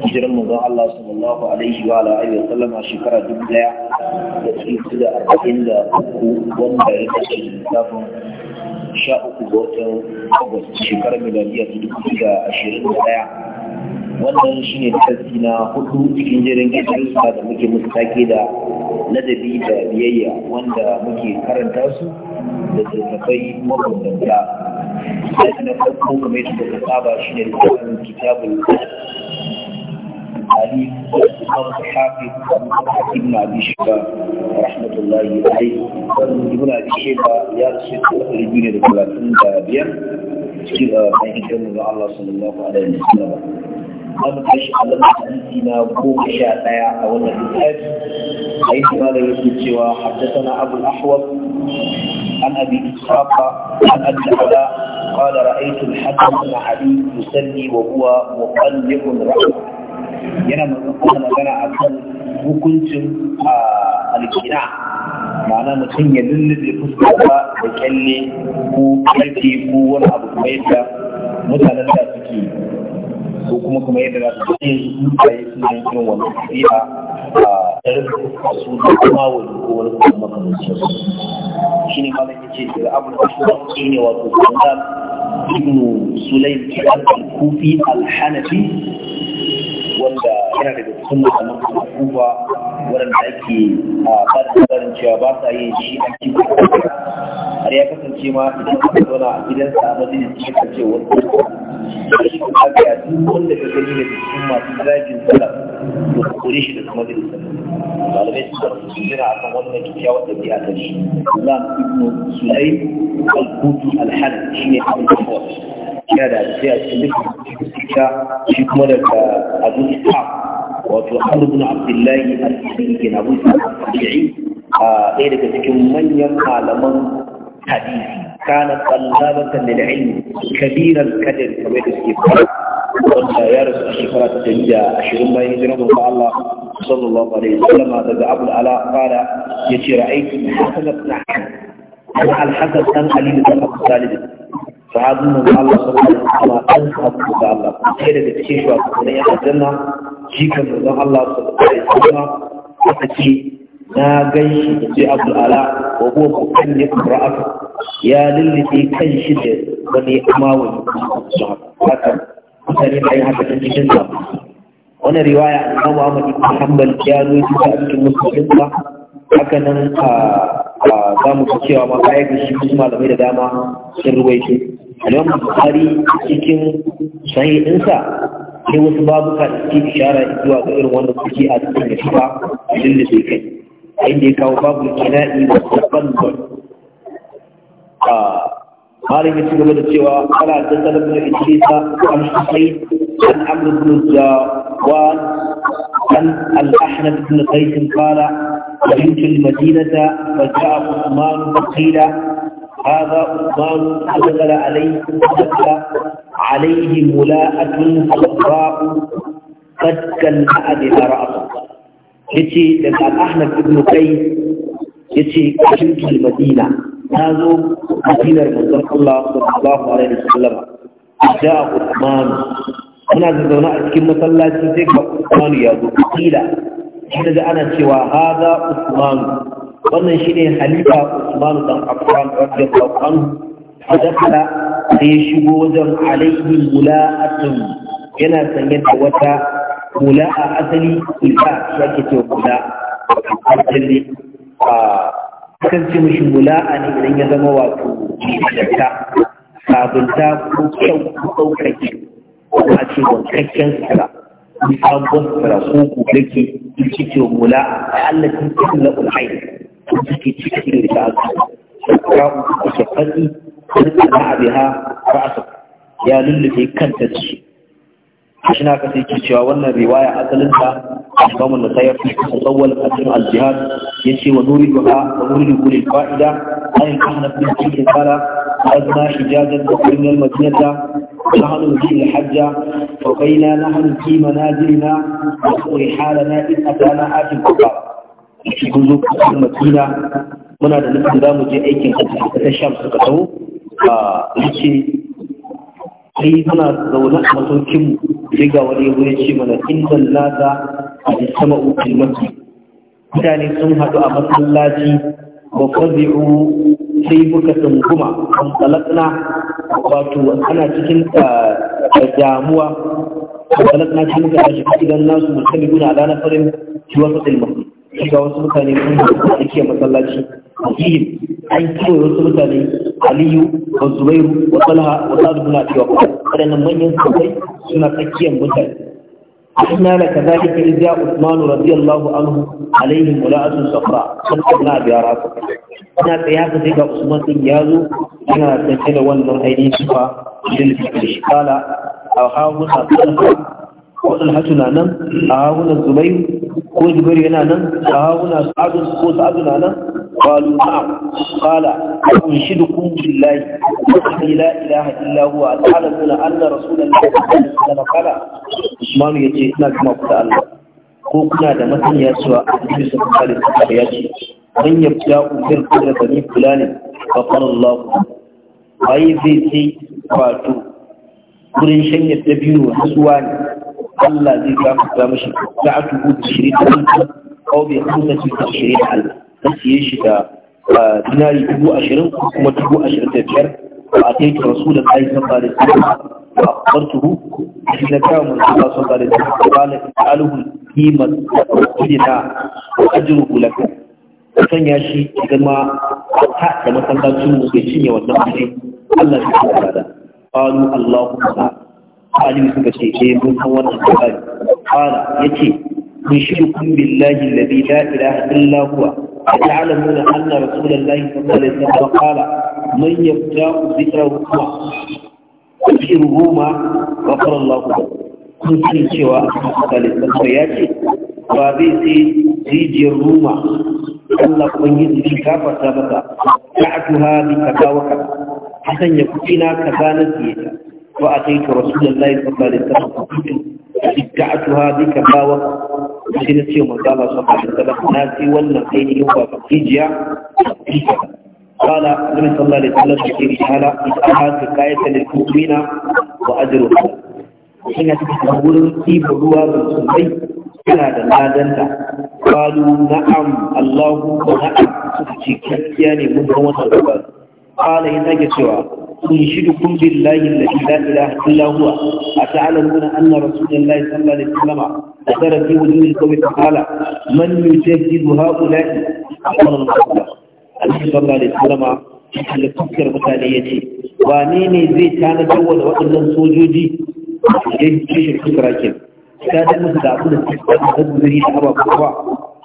hijiran manzon Allah sallallahu alaihi wa alihi wa sallama shekara dubu daya da ɗari da arba'in da uku wanda ya kashe lissafin sha uku ga watan Agusta shekarar miliyan ta dubu da ashirin da daya wannan shi ne tasiri na hudu cikin jirin gajiyosa da muke musu take da ladabi da biyayya wanda muke karanta su da tsarkakai mabambanta. Sai na farko kamar yadda ka saba shi ne da kitabul علي الحافظ حافظ ابن ابي شيبه رحمه الله عليه ابن ابي شيبه يا رسول الدين الثلاثين بيان cikin da Allah sallallahu alaihi wasallam an kashi alam hadisi na goma sha daya a wannan littafi a yi da yake cewa haddasana abu ahwab an abi ishaqa an abi ala قال رأيت الحكم بن علي يصلي وهو مقلب رأسه yana magana a kan hukuncin alkina ma'ana mutum ya lullube fuskarsa da kyalle ko karfe ko wani abu kuma yadda mutanen da suke ko kuma kuma yadda za su ce mutane suna yin irin wannan tafiya a ɗarfin su da kuma wani ko wani kuma makamancin shi ne malam ya ce da abu da shi ne wato kuma ibnu sulaim al-kufi al-hanafi wanda yana daga cikin mutanen kufa waɗanda ake ah, a da cewa ba sa yin shi a cikin har ya kasance ma idan aka zauna a gidansa a majalis ya kasance wani da shi kuma ga duk wanda ka gani da cikin masu zagin sallah to ka kore shi daga majalis malamai su karfi su jira akan wannan kyakkyawar da biya ta shi Allah ibn Sulaim al-Kufi al-Hanafi shi ne abin da yana da hadisi a cikin dukkan sita shi kuma daga abu isa wato amr abdullahi al-sabiyi na abu ɗaya daga cikin manyan malaman hadisi kana tsallabatan da ilmi kabiran kadari kamar da suke fara wanda ya rasu a shekara ta dari da ashirin bayan hijirar Allah sallallahu alaihi daga Abu Ala qala yace ra'aytu Al-Hasan dan Ali sahabin mu Allah sallallahu alaihi wasallam an haɗu da Allah sai daga cikin shugabannin ya aljanna jikan mu dan Allah da alaihi wasallam aka ce na ganshi da ce Abdul Ala wa huwa mukalli ra'atu ya lillifi kan shi da wani amawani haka mutane da yin haka cikin sa wani riwaya Imam Ahmad ibn Hanbal ya rawaito ta cikin Muslim ba haka nan a za mu fi cewa ma kayan shi kuma malamai da dama sun ruwaito Imam Bukhari cikin sahihinsa sai wasu babuka da suke ishara zuwa ga irin wannan kuke a cikin da shiga din da sai a inda ya kawo babu kina'i wa tabbal a malin ya ci gaba da cewa ala da talabin idrisa an husayn an amr ibn jawan an sun fara, ibn madinata, qala قدمت المدينة فجاء عثمان فقيل هذا عثمان أدخل عليه أدخل عليه ملاءة صفراء قد كلأ بها رأسه yace daga Ahmad ibn Qais yace cikin Madina ta zo Madinar manzon Allah sallallahu alaihi wasallam ja Uthman muna zauna a cikin masallaci sai ga Uthman ya zo kila sai da ana cewa hada Uthman wannan shi ne halifa Usman dan Affan radiyallahu anhu fadakala sai ya shigo wajen alaihi mula'atun yana sanye da wata hula a asali hula yake ce hula asali a kan ce mishi mula'a ne idan ya zama wato shirka sabunta ko kyau ko ɗaukaki a ce wankakken sutura sabon sutura ko kuɗaki cikin mula'a a allatin kan la'ul'ayi التي تشتكي لسعادتك شكرا وشقتي مع بها رأسك يا للتي كنت تشي عشنا كثير تشاورنا الرواية أصلنها أحكام النصير في تطول أسرع الجهاد يشي بها ونوري كل الفائدة أن كان في تلك رسالة أدنى حجازا وقرنا المدينة نحن في الحجة وبينا نحن في منازلنا نحن حالنا إذ أتانا آت الكفار kun zo kusa madina muna da nufin za mu je aikin hajji ta sham suka taho a yace sai muna zaune a masaukin sai ga wani yabo ya ce mana inda lada a ji sama ukin masu mutane sun haɗu a masallaci ba kwazi'u sai muka tsunguma an tsalakna wato ana cikin damuwa tsalakna cikin muka tashi gidan nasu mutane guna a ranar farin ciwon sassan masu sai ga wasu mutane sun da ake masallaci fihim an kiwo wasu mutane aliyu wa zubairu wa talha wa sa'ad na cewa waqas manyan sosai suna tsakiyar mutane inna la kadhalika idza usman radiyallahu anhu alaihim mula'atun safra sallallahu alaihi wa sallam ina tsaya haka sai ga usman din yazo yana tace da wannan ainihin sifa din a ko talhatu na nan a hawunan zubairu ko zubairu yana nan a hawunan sa'adu ko sa'adu na nan قالوا نعم قال أنشدكم بالله الذي لا إله إلا هو أتعلمون أن رسول الله صلى الله عليه Usman قال عثمان يجي هنا كما ko kuna da masaniya cewa annabi sallallahu alaihi wasallam ya ce man yabda bil qadra bani fulani fa qala Allah ai zai ce wato gurin shanye dabino na suwa ne Allah zai gafarta mishi da aka gudu shirin alfa ko bai kusa cikin shirin alfa na siye shi da ah, dinari dubu ashirin kuma dubu ashirin da biyar a taiki rasu da tsayi san ba da tsira ba a kwantuhu shi na kawo mun ba san ba da tsira ba na alhul kimar kudina ko ajiru hulaka sanya shi zama ta da masallacin mu bai cinye wannan mutum Allah shi ya tsada قالوا اللهم Ali suka ce eh mun san wannan labari qala yace yushrikum billahi alladhi la ilaha illa huwa تعلمون أن رسول الله صلى الله عليه وسلم قال من يبدأ ذكرهما ذكرهما غفر الله له kun sani cewa kalisar ya ce ba zai sai rijiyar roma Allah ubangiji shi gafarta masa ta atuha bi kaza wa kaza hasan ya kuɗi na kaza na ziyarta. وأتيت رسول الله صلى الله عليه وسلم ادعتها بك باوة وشنت يوم قال صلى الله عليه وسلم ناسي ولا خير يوم فكيجيا قال النبي صلى الله عليه وسلم في رسالة إسعاها كفاية للمؤمنين وأجرها حين تتحول في بلوى بالسنين كلا دلادنتا قالوا نعم الله نعم سكتي كتياني مدهوة قال إنك سوى أنشدكم بالله الذي لا إله إلا هو أتعلمون أن رسول الله صلى الله عليه وسلم ذكر في وجوه القوم فقال من يجدد هؤلاء أمر الله النبي صلى الله عليه وسلم da fuskar mutane ya ce wane ne zai tana dawo waɗannan sojoji ya yi kishin fuskar ke ta da musu da abu da suka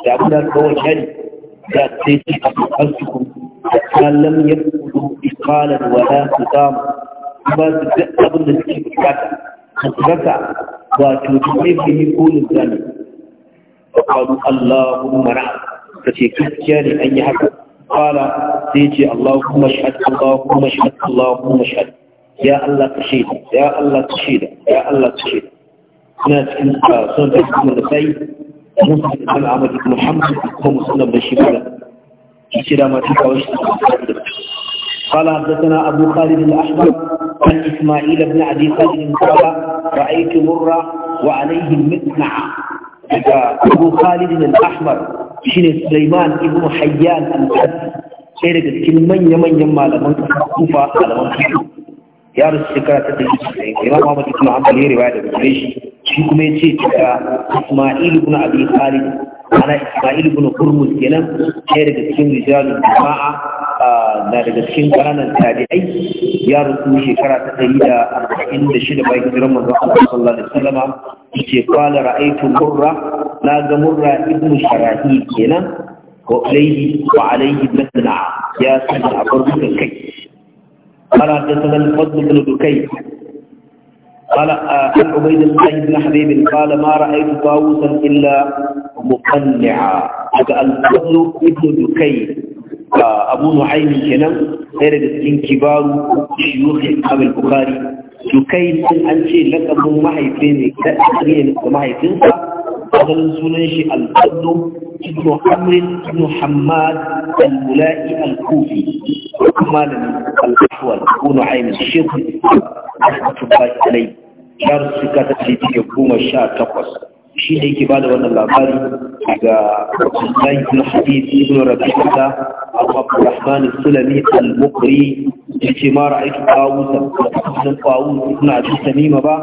da guzuri ce hatta lam yakulu iqalan wala qidam ba su duk abin da suke bukata su rasa wato tsaibini ko lizami wa qalu allahumma Ka ce gaskiya ne an yi haka qala sai ce allahumma shahad allahumma shahad allahumma shahad ya allah ka shaida ya allah ka shaida ya allah ka shaida ina cikin sunan da kuma da sai musa ibn ahmad ibn muhammad ko musulman bashir قال حدثنا أبو خالد الأحمر عن إسماعيل بن عدي خالد قال رأيت مرة وعليه المتنع أبو خالد الأحمر شن سليمان بن حيان الحد شيرك كم من يمن يمال من كفا على من كفا يا رسول الله صلى الله عليه وسلم إمام محمد بن عبد الله رواية بن عبد الله إسماعيل بن عدي خالد ana Ismail bin Hurmuz kenan ɗaya daga cikin rijalul jama'a na daga cikin ƙananan tabi'ai ya rusu shekara ta ɗari da arba'in da shida bayan hijiran manzon Allah sallallahu alaihi wasallama yace qala ra'aytu murra na ga murra ibn sharahi kenan wa alayhi wa alayhi nasna ya sanar a farko kai قال حدثنا الفضل بن دكي قال عن عبيد الله بن حبيب قال ما رأيت طاووسا إلا مقنعا وقال الفضل ابن دكي أبو نعيم كنم غير دسكين كبار شيوخ إمام البخاري دكي أن أنشي لك أبو محيطين تأثير محيطين asalin sunan shi al-abdu ibn amr ibn hammad al-mula'i al-kufi malamin al-ahwal ko nu'aymin shekul al-tubai alai yar suka ta ce take goma sha takwas shi ne yake bada wannan labari ga Abdullahi ibn Hadid ibn Rabi'a Abu Abdurrahman Sulami al-Mukri yace ma ra'aytu qawusa ibn qawus ibn Abi Tamima ba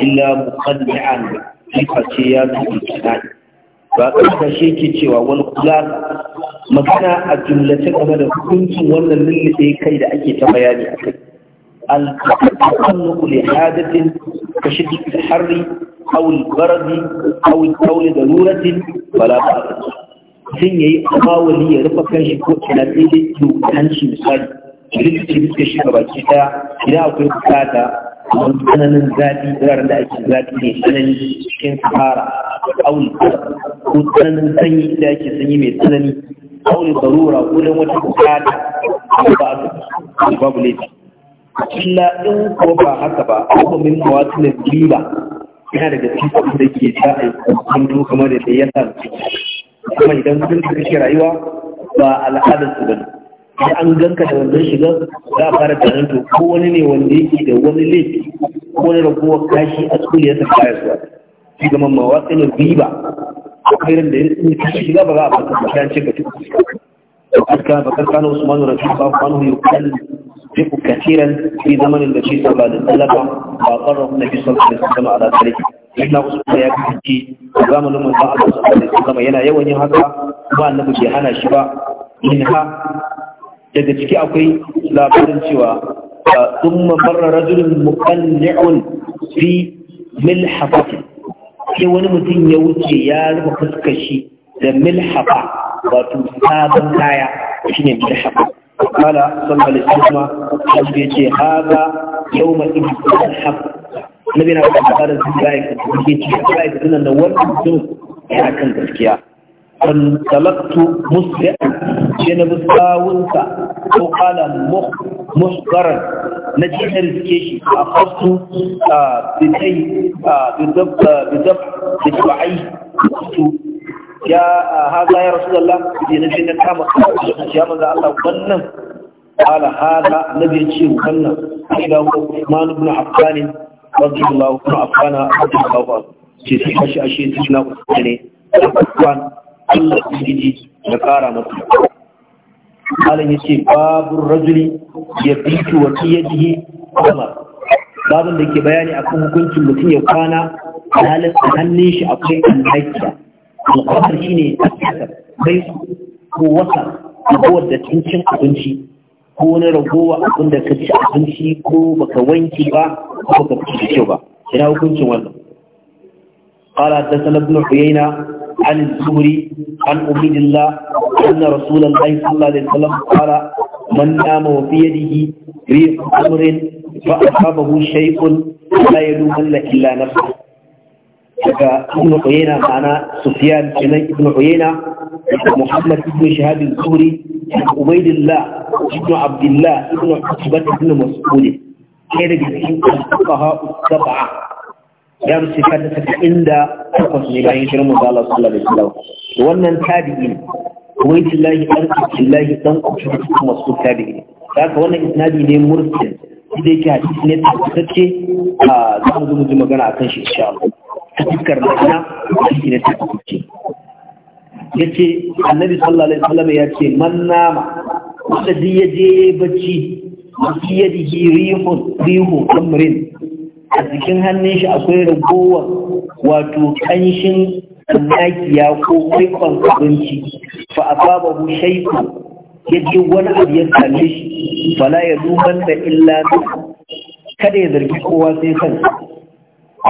illa muqaddi'an sifa ce ya zuwa kiɗa ba ƙarfa ke cewa wani kula magana a jumlace game da hukuncin wannan lullube kai da ake ta bayani a kai da harri, كشدة الحر أو البرد أو الكول ضرورة فلا بأس sun yayi amawali ya rufe kanshi ko kina sai dai to hanci misali rikici rikici shi gaba baki daya idan akwai bukata tsananin zafi wuraren da ake zafi ne tsanani cikin sahara auli ko tsananin sanyi da ake sanyi mai tsanani auli barura ko don wata bukata ba a babu laifi illa in ko ba haka ba ko min mawatin riba yana daga cikin da ke ta aiki kamar da ya sa kuma idan sun kashe rayuwa ba al'adar su bane da an ganka da wannan shiga za a fara tunanin to ko wani ne wanda yake da wani laifi ko wani raguwar kashi a cikin ya tafi ya zuwa shi ga mamma watsa ne riba a kairin da yin kashi shiga ba za a fata ba shan cika cikin fuska bakar kano Usman rafi ba kwanu ya kwalli fiku kasiran fi zamanin da shi sallah da tsallaka ba ƙarar na fi sallah da sallama a lantarki ina usman ya kasance zamanin manzan allah sallah da sallama yana yawan yin haka ba annabi ke hana shi ba in daga ciki akwai labarin cewa ah, thumma marra rajulun muqanni'un fi milhafati sai wani mutum ya wuce ya rufe fuskar shi da milhafa wato sabon kaya shine milhafa kala sallallahu alaihi wasallam shi ya ce haza yawma ibn al-haq nabi na da labarin sun ga aikata yake ce ga aikata nan da wani mutum ya kan gaskiya fantalaktu musli'an sai na bi sawunsa ko kala musgaran na ji na riske shi a fasu bidai bidab'ai su ya haza ya rasu Allah da na na kama ya maza Allah wannan kala haza na biya ce wannan sai ga Usman ibn Affan radiyallahu anhu Affan radiyallahu anhu ce sai kashi ashe cikin Usman ne Affan Allah ubangiji ya kara masa ya ce babu rajuli ya bitu wa yadihi qamar babin da ke bayani akan hukuncin mutum ya kwana halin hannun shi akwai alhaƙiya alƙawar shi ne a ƙasar bai ko wata ragowar da cincin abinci ko wani ragowa abin da ka ci abinci ko baka wanki ba ko baka fi da kyau ba ina hukuncin wannan قال حدثنا ابن عيينة عن الزهري عن عبيد الله أن رسول الله صلى الله عليه وسلم قال من نام وفي يده ريح أمر فأصابه شيء لا يلومن إلا نفسه daga ibn uyayna ma'ana sufyan kenan ibn uyayna muhammad ibn shahab al-zuhri ubaydillah ibn abdullah ibn usbat ibn mas'ud kai daga cikin fuqaha sab'a ya rusu ta ta inda takwas ne bayan shirin mu su sallallahu alaihi wasallam wannan tabi'i ne ubaydillahi dan abdullahi dan kuma masu tabi'i Da haka wannan isnadi ne mursil da yake hadisi ne tabbatacce a za mu zo mu ji magana akan shi insha Allah ta fuskar ma'ana hadisi ne Ya ce annabi sallallahu alaihi wasallam ya ce man nama wanda duk ya je bacci fi yadihi rihun rihu amrin a jikin hannun shi akwai ragowar wato kanshin annakiya ko kwaikon abinci fa asabahu shay'un yaje wani abu ya same shi fala ya duban da illa kada ya zargi kowa sai kansa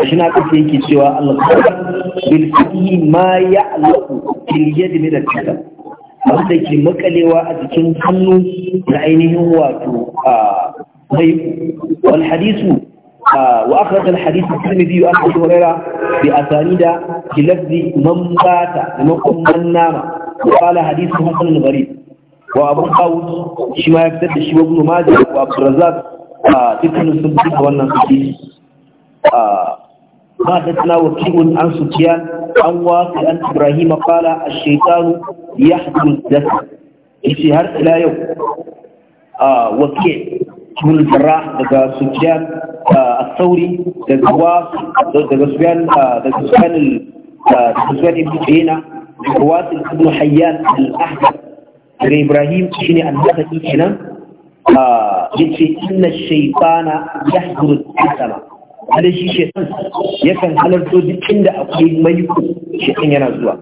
shi na kace yake cewa al-qur'an bil ma ya'laqu bil yadi da al-kitab da ke makalewa a jikin hannu na ainihin wato a mai آه، وأخرج الحديث الترمذي عن أبي هريرة بأسانيد بلفظ من بات منكم من نام وقال حديث حسن غريب وأبو داود شما يكتب شما ابن ماجه وأبو الرزاق تكن السبت وانا الحديث حدثنا وكيع عن سفيان عن واقع عن إبراهيم قال الشيطان يحكم الجسد في هر لا يوم آه، وكيع ibn al-jarrah daga sufyan as-sauri daga wasu daga sufyan daga sufyan sufyan ibn uyayna daga wasu ibn hayyan al-ahdath daga ibrahim shine al-hasan kenan yace inna shaytana yahduru al-sama hada shi shaitan yakan halarto duk inda akwai maiko shaitan yana zuwa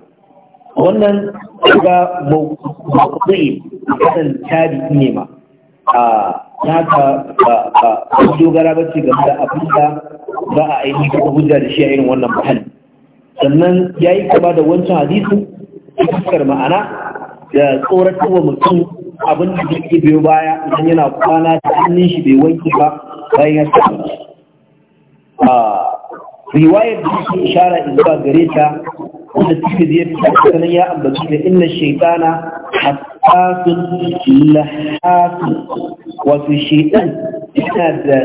wannan ga mawuzi kasan tabi'i ne ma a na ka ba dogara ba ce game da abin da ba a ainihin ko hujja da shi a irin wannan mahalli sannan ya yi kama da wancan hadisu ta fuskar ma'ana da tsoratar wa mutum abin da zai biyo baya idan yana kwana da hannun shi bai wanke ba bayan ya samu riwayar da yake ishara in zuwa gare ta wanda take zai fi sanan ya ambaci da inna shaytana hasasun lahasun Wasu shaidan yana da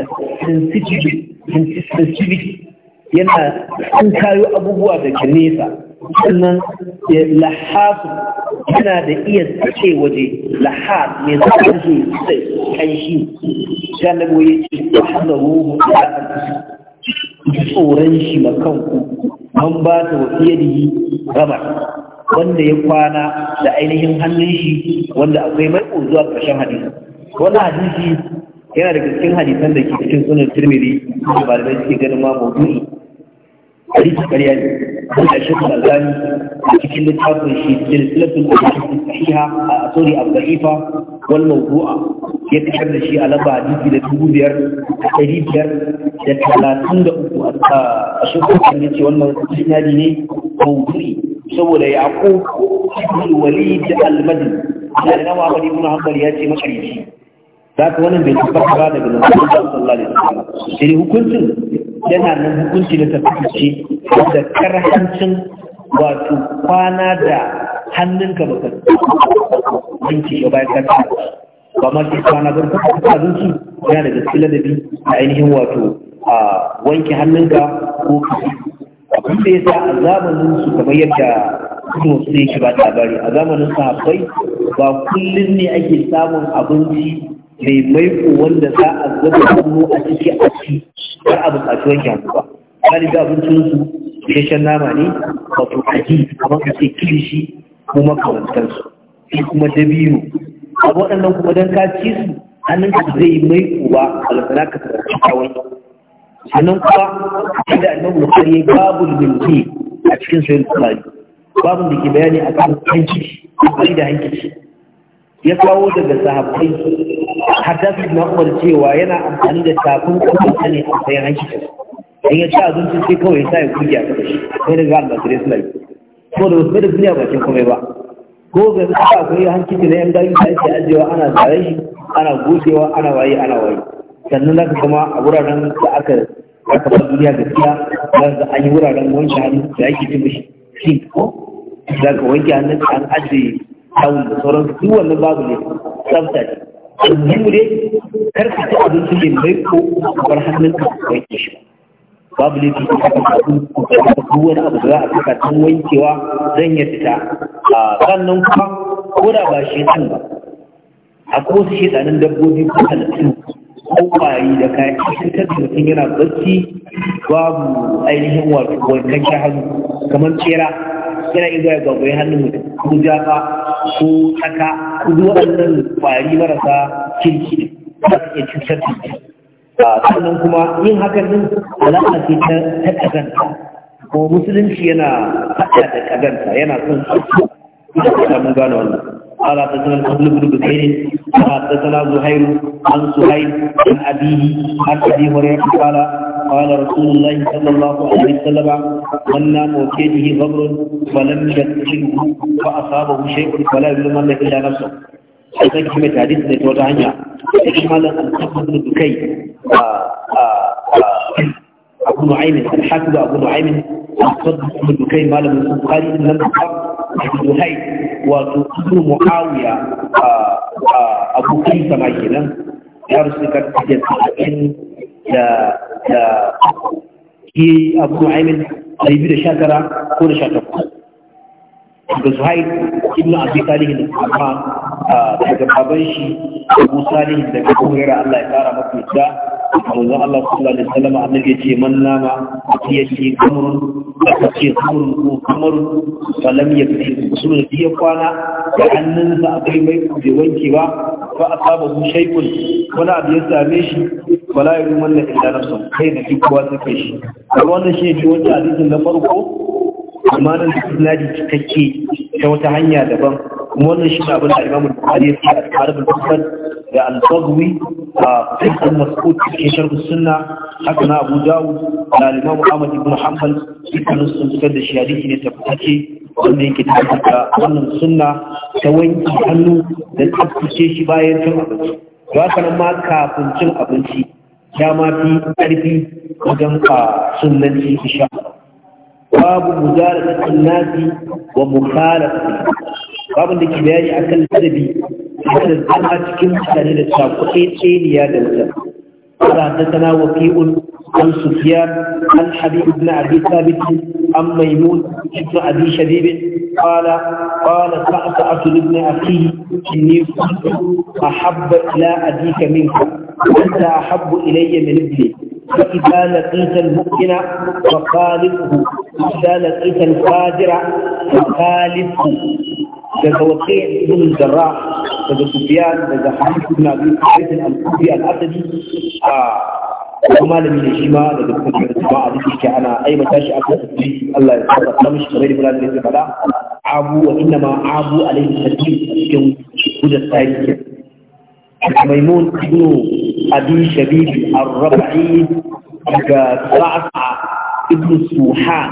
sensitivity yana sun kayo abubuwa daga nesa sannan ya lahasu yana da iya tace waje lahas mai zafin shi sai kanshi galibu ya ce ta hada ruhu da tsoron shi kanku. an ba ta wasu yadda yi ramar wanda ya kwana da ainihin hannun shi wanda akwai mai zuwa ƙarshen hadisi wannan hadisi yana daga cikin hadisan da ke cikin sunan tirmidhi da malamai suke ganin ma mawdu'i hadisi ƙarya ne sun da shekul albani a cikin littafin shi silsilatul ahadith sahiha a sorry al-da'ifa wal mawdu'a ya fitar da shi a lamba hadisi da dubu biyar da ɗari biyar da talatin da uku a shekul albani ce wannan sinadi ne mawdu'i saboda yaqub ibn walid al-madini da Imam Ahmad ibn Hanbal ya ce makarici za ka wannan bai tabbata ba daga nan sallallahu alaihi wasallam sai hukuncin yana nan hukunci da tafi tabbaci da karhancin wato kwana da hannunka baka yanke ya bayan ka ba ma sai kwana ba ka ta abinci yana da gaskiya da bi ainihin wato a wanke hannunka ko abin da yasa a zamanin su kamar yadda su su yake ba labari a zamanin sahabbai ba kullum ne ake samun abinci mai maiko wanda za a zuba hannu a ciki a ci har a bukaci wanke hannu ba galibi abincinsu isasshen nama ne wato aji kamar ka ce kilishi ko makamantarsu sai kuma dabino a waɗannan kuma don ka ci su hannun ka zai yi maiko ba lafana ka tsarki kawai sannan kuma inda annabi ya babu limbi a cikin sayar tsari. babu da ke bayani a kan hankici da hankici ya kawo daga sahabbai hatta su na umar cewa yana amfani da tafin kafarsa ne a sayan hankita. in ya ci abinci sai kawai sa ya kuge a kafa shi sai daga albasirai suna yi ko da wasu da duniya bakin komai ba ko ga aka akwai hankita na yan gayu da ake ajiyewa ana zare shi ana gogewa ana waye ana waye sannan za ka kuma a wuraren da aka aka bar duniya gaskiya za ka an yi wuraren wanke hannu da ake ci mishi sink ko za ka wanke hannun an ajiye tawul da sauransu duk wannan babu ne tsafta alhimu dai kar ka ci abinci ne mai ko bar hannun ka wanke shi babu ne cikin haka abu ko wani abu da za a saka tun wankewa zan ya fita a sannan kuma ko da ba shi tun ba a ko su shi tsanin dabbobi ko halittu ko kwari da kayan cikin mutum yana barci, babu ainihin wato wankan shaharu kamar tsera yana iya zuwa gwagwai hannun mutum ko jafa ko tsaka ko waɗannan ƙwari marasa kirki da su iya cutar da sannan kuma yin hakan nan alaƙa ce ta ƙazanta ko musulunci yana faɗa da ƙazanta yana son su da mun gane wannan قال حدثنا الفضل بن ta قال حدثنا زهير عن سهيل an ابيه عن ابي هريره قال قال رسول الله صلى الله عليه وسلم من نام في يده غبر ولم يتشنه فأصابه شيء فلا يلوم إلا نفسه فذلك كما تحدث نتوجه عنها إشمال أبو دكي أبو نعيم الحاكم أبو نعيم أصد أبو دكي مال من البخاري إن لم يقف أبو دهي وتقول معاوية آه، آه، أبو كيس معينا نعم. يا رسول الله da da yi abu nu'aymin ɗari biyu da sha ko da sha takwas su zuhair ibn abi salih da kuma daga baban shi abu salih daga kuhira Allah ya kara masa yadda wanzan Allah sallallahu alaihi wasallam annabi ya ce man nama a yace kamarun a ce kamrun ko kamrun falam su usul ya kwana da hannunsa akwai mai bai wanke ba ba a saba asaba shaykhun wani abu ya same shi wala yi rumun na illa nafsu kai da duk kowa suka shi kuma wannan shi ne wata hadisin na farko amma nan da isnadi cikakke ta wata hanya daban kuma wannan shi ne abin da Imam Bukhari ya ce a tsarin Bukhari da Al-Baghawi a cikin Mas'ud cikin Sharh Sunna haka na Abu Dawud da Imam Ahmad ibn Hanbal dukkanin sun fitar da shi hadisi ne tabbatacce wanda yake tabbata wannan sunna ta wanke hannu da tsaftace shi bayan cin abinci. Ba haka ma kafin cin abinci ya ma fi ƙarfi wajen ka sunnanci isha babu mujara da nasi wa mukhala babu da ke bayani kan ladabi da zama cikin mutane da shakuɗe tseniya da wuta. Ala ta sana wa fi'un عن سفيان عن حبيب بن أبي ثابت عن ميمون بن أبي شبيب قال قال سأسأت لابن أخيه إني كنت أحب إلى أبيك منك وأنت أحب إلي من ابني فإذا لقيت المؤمن فخالفه واذا لقيت الفاجر فخالفه كذا wakil بن الجراح كذا سفيان كذا حبيب بن ابي ثابت الاسدي آه. kuma malami ne shi ma daga cikin karatuwa a duk yake ana aibata shi aka tafi Allah ya saka ta mishi kamar ibn Abdul Fada abu wa inna ma abu alaihi tafi cikin hujjar tarihi Maimun ibn Abi Shabib ar-Rabi'i daga Sa'ad ibn Suhan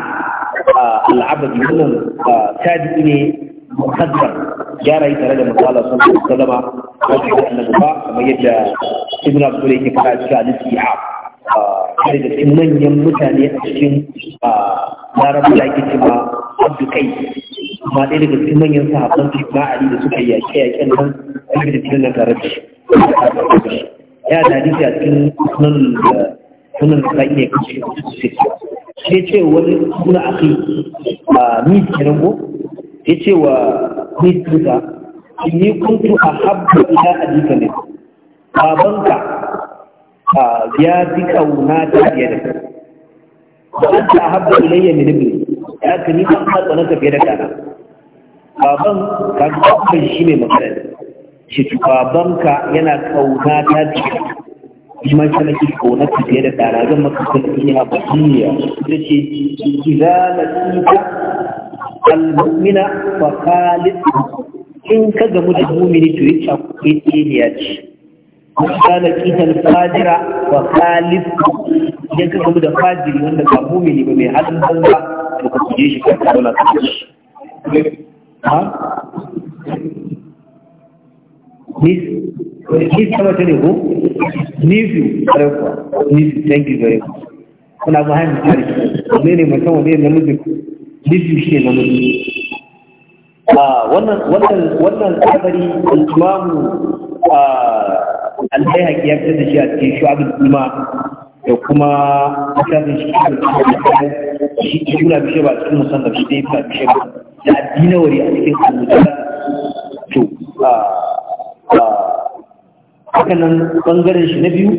al-Abdi wannan tabi'i ne muhaddar ya rayu tare da matsala sun fi sallama a cikin annabi ba kamar yadda ibn abdul yake fara cikin al a kare da cikin manyan mutane a cikin ah, larabu da ake cewa abdu kai kuma ɗaya daga cikin manyan sahabban su ma ali da suka yaƙe yaƙen nan a cikin cikin nan tare da shi ya da hadisi a cikin sunan da ah, sunan da kai ne kashe shi ce wani suna akai ni ah, kenan ko Ya ce wa mistuka inni kuntu a ahabbu ila abika min babanka ya fi kauna ta fiye da kai ba an ta ahabbu ilayya min ibni ya kani an hatsa naka fiye da kana baban ka ga shi mai makaranta shi babanka yana kauna ta fiye da kuma kana ki kona ki fiye da dara zan maka kuma ina ba duniya ita ce zana lasita al-mu'mina fa khalid in ka gamu da mu'mini to yace akwai kana kitan fajira fa khalid idan ka fajiri wanda ba mu'mini ba mai to ka kuje shi ka kawo na shi ha ni ni sama ta ne ko nisu thank you very much kuna ba ne ne biyu shi ne namiji wannan wannan wannan tsabari al-imamu al-bayhaqi ya fitar da shi a cikin shu'abul iman da kuma kitabin shi shi shi ibn abi shayba cikin musannaf shi ibn abi shayba da addinawari a cikin al to haka nan bangaren shi na biyu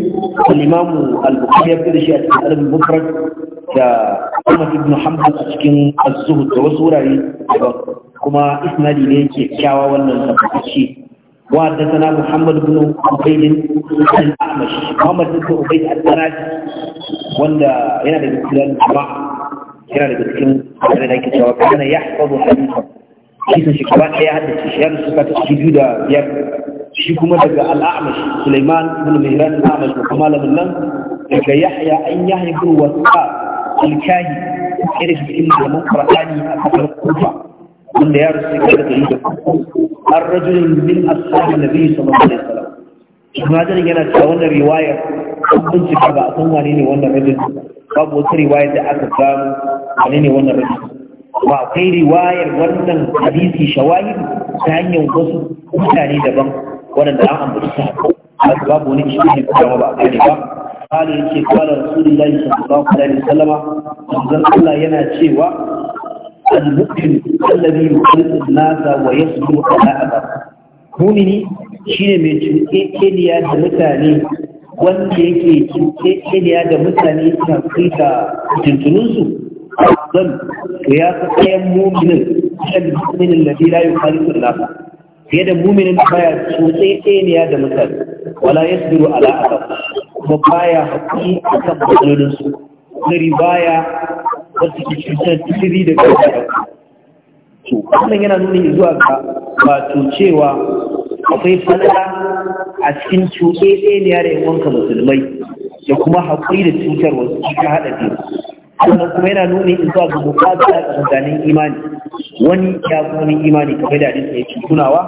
al-imamu al-bukhari ya fada shi a cikin al mufrad da Ahmad ibn Hanbal a cikin az-zuhd da wasu wurare daban kuma isnadi ne yake kyawa wannan tabbaci وحدثنا محمد بن عبيد الأعمش محمد yana da الدراجي وندا هنا اللي بتكلم الجماعة هنا اللي بتكلم أنا لك Kisan أنا يحفظ حديثا حديثا شكوان أي حد يشير الصفات da يب shi kuma daga al'amash Suleiman ibn Mihran al'amash da kuma malamin nan daga Yahya an Yahya ibn Wasa al kai da daga cikin malaman Qur'ani a kasar Kufa wanda ya rusu kai da yi da an rajulun min ashabi nabi sallallahu alaihi wasallam Ibn yana cewa wannan riwayar an bincika ba a san wane ne wannan rajul babu wata riwayar da aka gano wane ne wannan rajul ba akwai riwayar wannan hadisi shawahid ta hanyar wasu mutane daban da an ambaci su haka haka babu wani shi ne kuma ba a gani ba kala ya ce kala rasuli lahi sallallahu alaihi wa sallama zanzan allah yana cewa al-mu'min allazi yukhlisu nasa wa yasbiru ala adab mu'mini shine mai cuɗeɗeniya da mutane wanda yake cuɗeɗeniya da mutane kan kaita tuntuninsu zan ya fi tsayen mu'minin shan mu'minin lafi layu kwalifin nasa fiye da muminin baya tsotse ɗaya da mutane wala ya tsiru ala asar kuma baya haƙi a kan matsalolinsu nari baya wasu ke cutar tsiri da ƙarfi to wannan yana nuni zuwa ga wato cewa akwai falala a cikin tsotse ɗaya da yawan wanka musulmai da kuma haƙi da cutar wasu cikin haɗa biyu sannan kuma yana nuni zuwa ga bukata ga mutanen imani wani ya kuma imani kamar da hadisi yake tunawa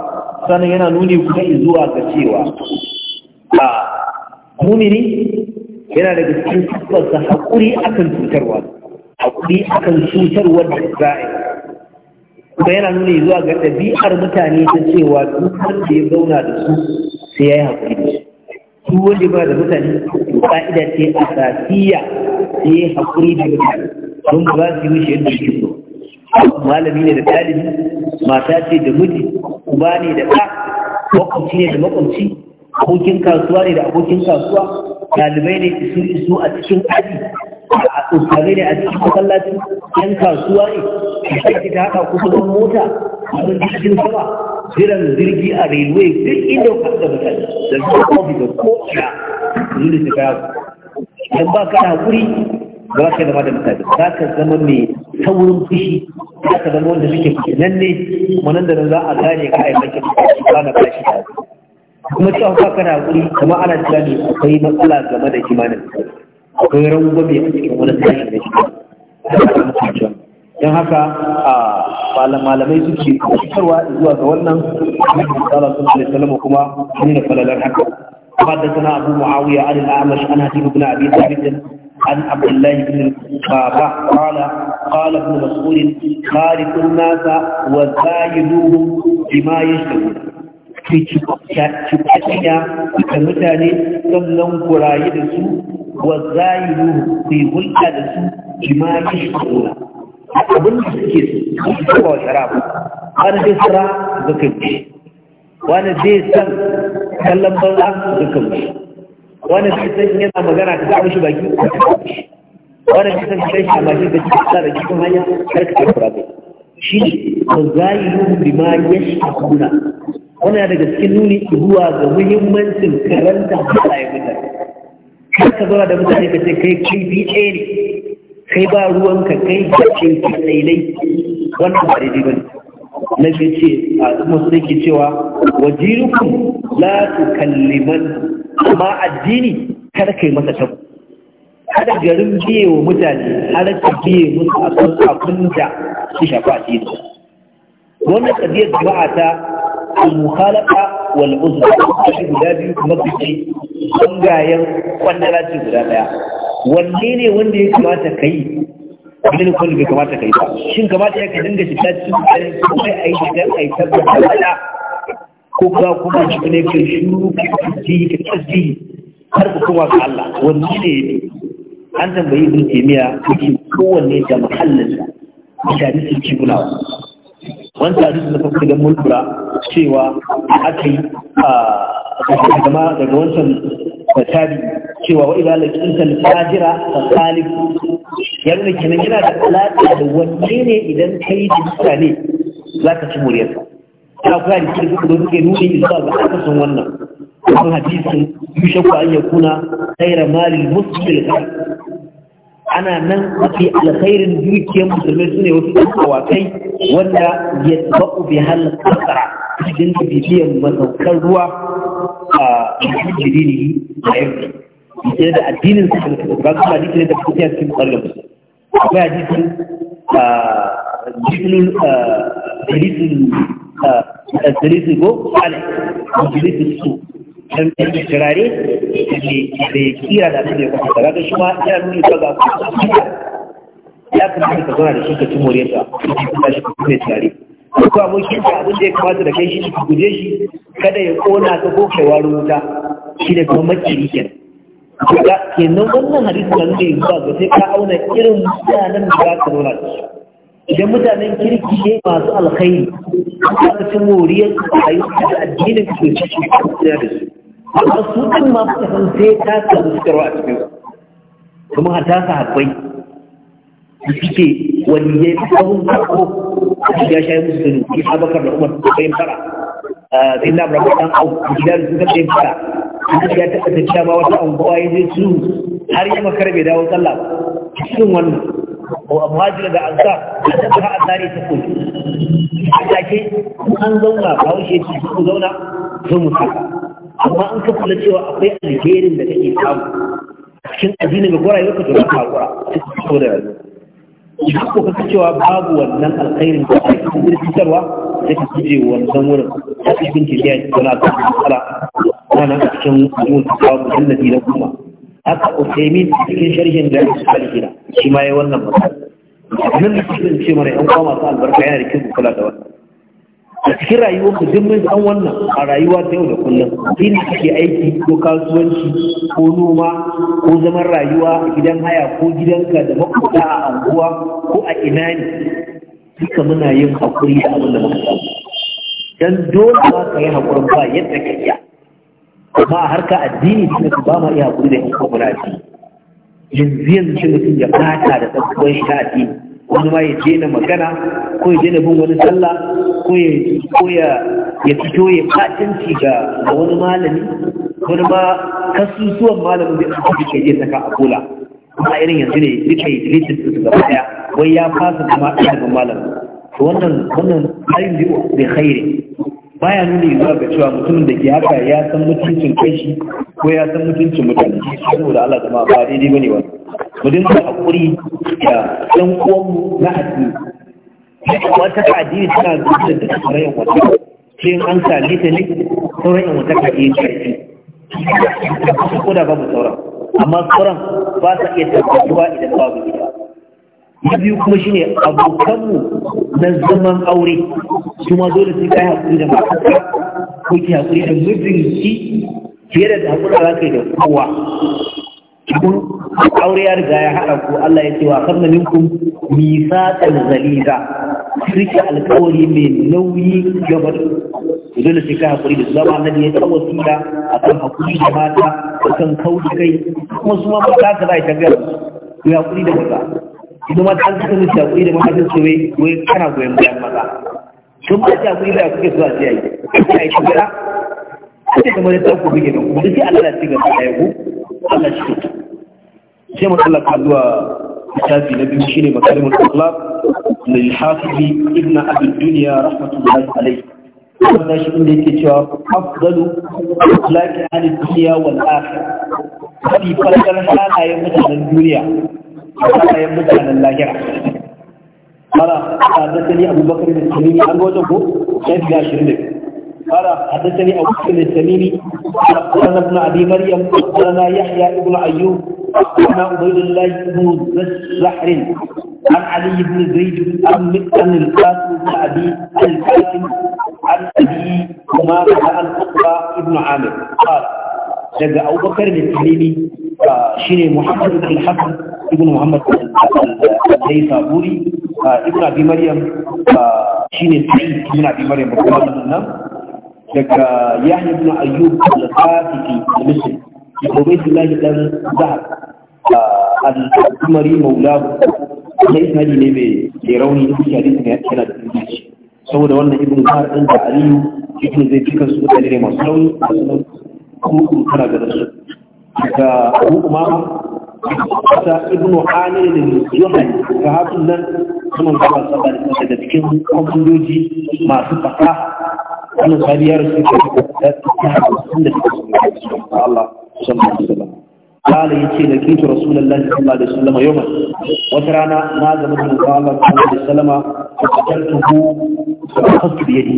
sannan yana nuni kuma zuwa ga cewa a mumini yana daga cikin siffarsa haƙuri akan cutarwa haƙuri akan cutarwa da za'a kuma yana nuni zuwa ga ɗabi'ar mutane ta cewa duk wanda ya zauna da su sai ya yi haƙuri da su duk wanda ba da mutane Fa'ida ka'ida ce a safiya sai haƙuri da mutane don ba su yi mishi yadda ke so malami ne da talibi mata ce da miji uba ne da ɗa makwabci ne da makwabci abokin kasuwa ne da abokin kasuwa ɗalibai ne isu isu a cikin aji a tsokane ne a cikin masallaci yan kasuwa ne a cikin ta haka kusa mota a cikin sama jiran jirgi a railway duk inda ka da mutane da zuwa kofi da ina zuwa da kaya idan ba ka da haƙuri ba ka zama da mutane za ka zama mai saurin fushi za ka zama wanda suke nan ne kuma nan da nan za a gane ka a yi ba na kashi da kuma cewa ba ka da kuma ana cewa ne akwai matsala game da kimanin akwai rangwabe a cikin wani sashi da shi don haka a ah, malamai suke kawarwa zuwa ga wannan Allah sallallahu alaihi wasallam kuma nuna falalar haka حدثنا أبو معاوية عن الأعمش عن حديث بن أبي ثابت عن عبد الله بن القابة قال قال ابن مسعود خالق الناس وزايدوهم بما يشتهون في cikakken da mutane sannan kurayi da su wa zayiru ku hulɗa da su imani shi abin da suke su ba wa shara ba wani zai sara ga kanci wani zai san kallon banza ga kanci wani zai san yana magana ka zaɓa shi baki wani zai san kai shi baki da cikin tsara cikin hanya har ka kai kurabe shi ba za yi yi bima ya shi kuna wani daga cikin nuni zuwa ga muhimmancin karanta halayen mutane kar ka zauna da mutane ka ce kai kai bi ɗaya ne kai ba ruwanka kai ka tsailai wannan ba daidai ba na fi ce a musulun ke cewa wajirukum la su kalliman amma addini kada kai masa tabu kada garin biye wa mutane har ka biye musu a kan abin da su shafa addini wannan tsabiyar jama'a ta al-mukhalaqa wal uzra shi guda biyu kuma bice bangayen kwandala ce guda daya wanne ne wanda ya kamata ka yi wani kwan bai kamata ka yi ba shin kamata ya ka dinga shiga cikin tsarin kuma a yi shiga a yi tabbatar da ko kuma kuma shi ne ka shuru ka kaji ka kaji har ku kuma ka Allah wanne ne ya an tambayi ibn taymiya yake kowanne da mahallinsa mutane su ci kulawa wancan hadisi na farko idan mun lura cewa aka yi a gama daga wancan tabi cewa wa ila lakinta al-fajira fasalif yana kenan yana da alaƙa da wanne ne idan yi da mutane za ka ci muryarsa ana kula da cikin kudu suke nuni zuwa ga akasin wannan wannan hadisin yushe ku an yakuna tsaira malin musulmi ana nan mafi alkhairin dukiyar musulmi su ne wasu ɗan awakai wanda ya ba'u bi hal kasara cikin bibiyar masaukar ruwa a jirini a yau ne da addinin su da ba su hadisi da kuma cikin ɓargar musu akwai hadisin jikin jirisul jirisul go alai jirisul su dan dan kirare da kira da abin da ya kwanta kaga shi ma yana nuni ba ga ya kamata ka zauna da shi ka ci moriyarsa ka shi kuma ya tare ko abokin ka abin da ya kamata da kai shi ka guje shi kada ya kona ka ko kai waro wuta shi da kuma makiri kenan kenan wannan hadisi na nuna yanzu ba sai ka auna irin mutanen da za ka zauna da su idan mutanen kirki ne masu alkhairi za ka ci moriyar a yi da addinin ka ke cikin da su amma su an ma suka san sai ta samu fitarwa a cikin kuma har ta sahabbai da suke waliyai tsawon farko a shiga shayin musulun ki abakar da umar suka yin fara ah, sai na abu dan au gida da suka yin fara an ya taɓa tafiya ma wata anguwa ya je su har ya makar bai dawo sallah cikin wannan ko amhajira da ansa da ta ha azari ta kuma take an zauna ba wuce ku zauna zo mu amma an ka kula cewa akwai alherin da kake samu a cikin addinin ga gwara yau ka tura gwara, gwara ta so da rayuwa idan ko kasa cewa babu wannan alkhairin da ake cikin rikitarwa sai ka kuje wannan wurin ta cikin kiriya da suna ta matsala ana a cikin yiwu ta kawo mujallabi na kuma haka usaimin cikin sharhin da ya ake salikina shi ma ya wannan matsala nan da cikin ce mara yan kwa masu albarka yana da kyau kula da wannan a cikin rayuwar ku duk mun san wannan a rayuwa ta yau da kullum inda kake aiki ko kasuwanci ko noma ko zaman rayuwa gidan haya ko gidanka da makwabta a anguwa ko a ina ne duka muna yin hakuri da abin da muka samu dan dole ba ka yi hakuri ba yadda ka iya amma a harka addini tunda ba ma iya hakuri da yan kwamura yanzu yanzu shi mutum ya fata da tsakuwar shi ta addini wani ma ya daina magana ko ya daina bin wani sallah ko ya ko ya fito ya fatanci ga wani malami wani ma kasusuwan malamin da aka fi ke je saka a kula kuma irin yanzu ne duka yi dilitin su gaba daya wai ya fasa kuma ɗalibin malamin to wannan wannan ayin biyu bai khairi baya nuna zuwa ga cewa mutumin da ke haka ya san mutuncin kai shi ko ya san mutuncin mutane saboda Allah ma ba daidai bane wannan mu dinga hakuri da ɗan uwanmu na addini wata ka addini tana zuwa da duka sauran wata sai in an same ta ne sauran wata ka iya ƙarfi ko da babu sauran amma sauran ba sa iya tabbatuwa idan babu gida na biyu kuma shine abokanmu na zaman aure su ma dole su kai hakuri haƙuri da matarka ko ki hakuri da mijinki fiye da hakuri da za ka yi da kowa kun aure ya riga ya haɗa ku Allah ya ce wa kanna minkum misaqan zaliza rike alƙawari mai nauyi gaba dole sai ka hakuri da su zama annabi ya tsawo sira akan hakuri da mata akan kauce kai kuma su ma mata ka zai tafiya ku hakuri da mata idan mata an saka musu hakuri da mata sun wai wai kana goyon bayan maza sun ba ta hakuri da kuke so a ce ai ai tafiya kace kamar da ta ku da ku duk Allah ya ci gaba da ku Allah shi sai mu tsallaka zuwa littafi na biyu shine makarimul akhlaq lil hafizi ibn abi dunya rahmatullahi alayhi wanda shi inda yake cewa afdalu akhlaqi ahli dunya wal akhirah fi farkar halayen mutanen duniya halayen mutanen lahira ara ta da abubakar da tani an ga wajen ko sai da 20 قال حدثني أبو بكر التميمي أخبرنا ابن أبي مريم أخبرنا يحيى ابن أيوب أخبرنا عبيد الله بن زحر عن علي بن زيد عن مكان القاسم بن أبي القاسم عن أبي عمارة عن أخرى ابن عامر قال شد أبو بكر التميمي آه، شيني محمد بن الحسن ابن محمد الهيثابوري آه، ابن أبي مريم آه، شيني سعيد بن أبي مريم بن الله عنه daga yahya ibn ayyub al-qasiti muslim da ubaydullah dan zahab al-umari maulahu da isnadi ne mai da rauni da shi hadisi ne yana da inganci saboda wannan ibn zahab din da aliyu ibn zai duka su da ne masu rauni masu kuma kana da su daga abu umama ta ibn amir ne yaman ga hatun nan kuma ga sallallahu alaihi da cikin komandoji masu fasaha wannan sahabi ya ta da ta hamsin da suka suka Allah sallallahu alaihi wasallam قال يتي لقيت رسول Wata rana, na عليه وسلم يوما وترانا ما زمن الله صلى ta عليه وسلم فقتلته فأخذت بيدي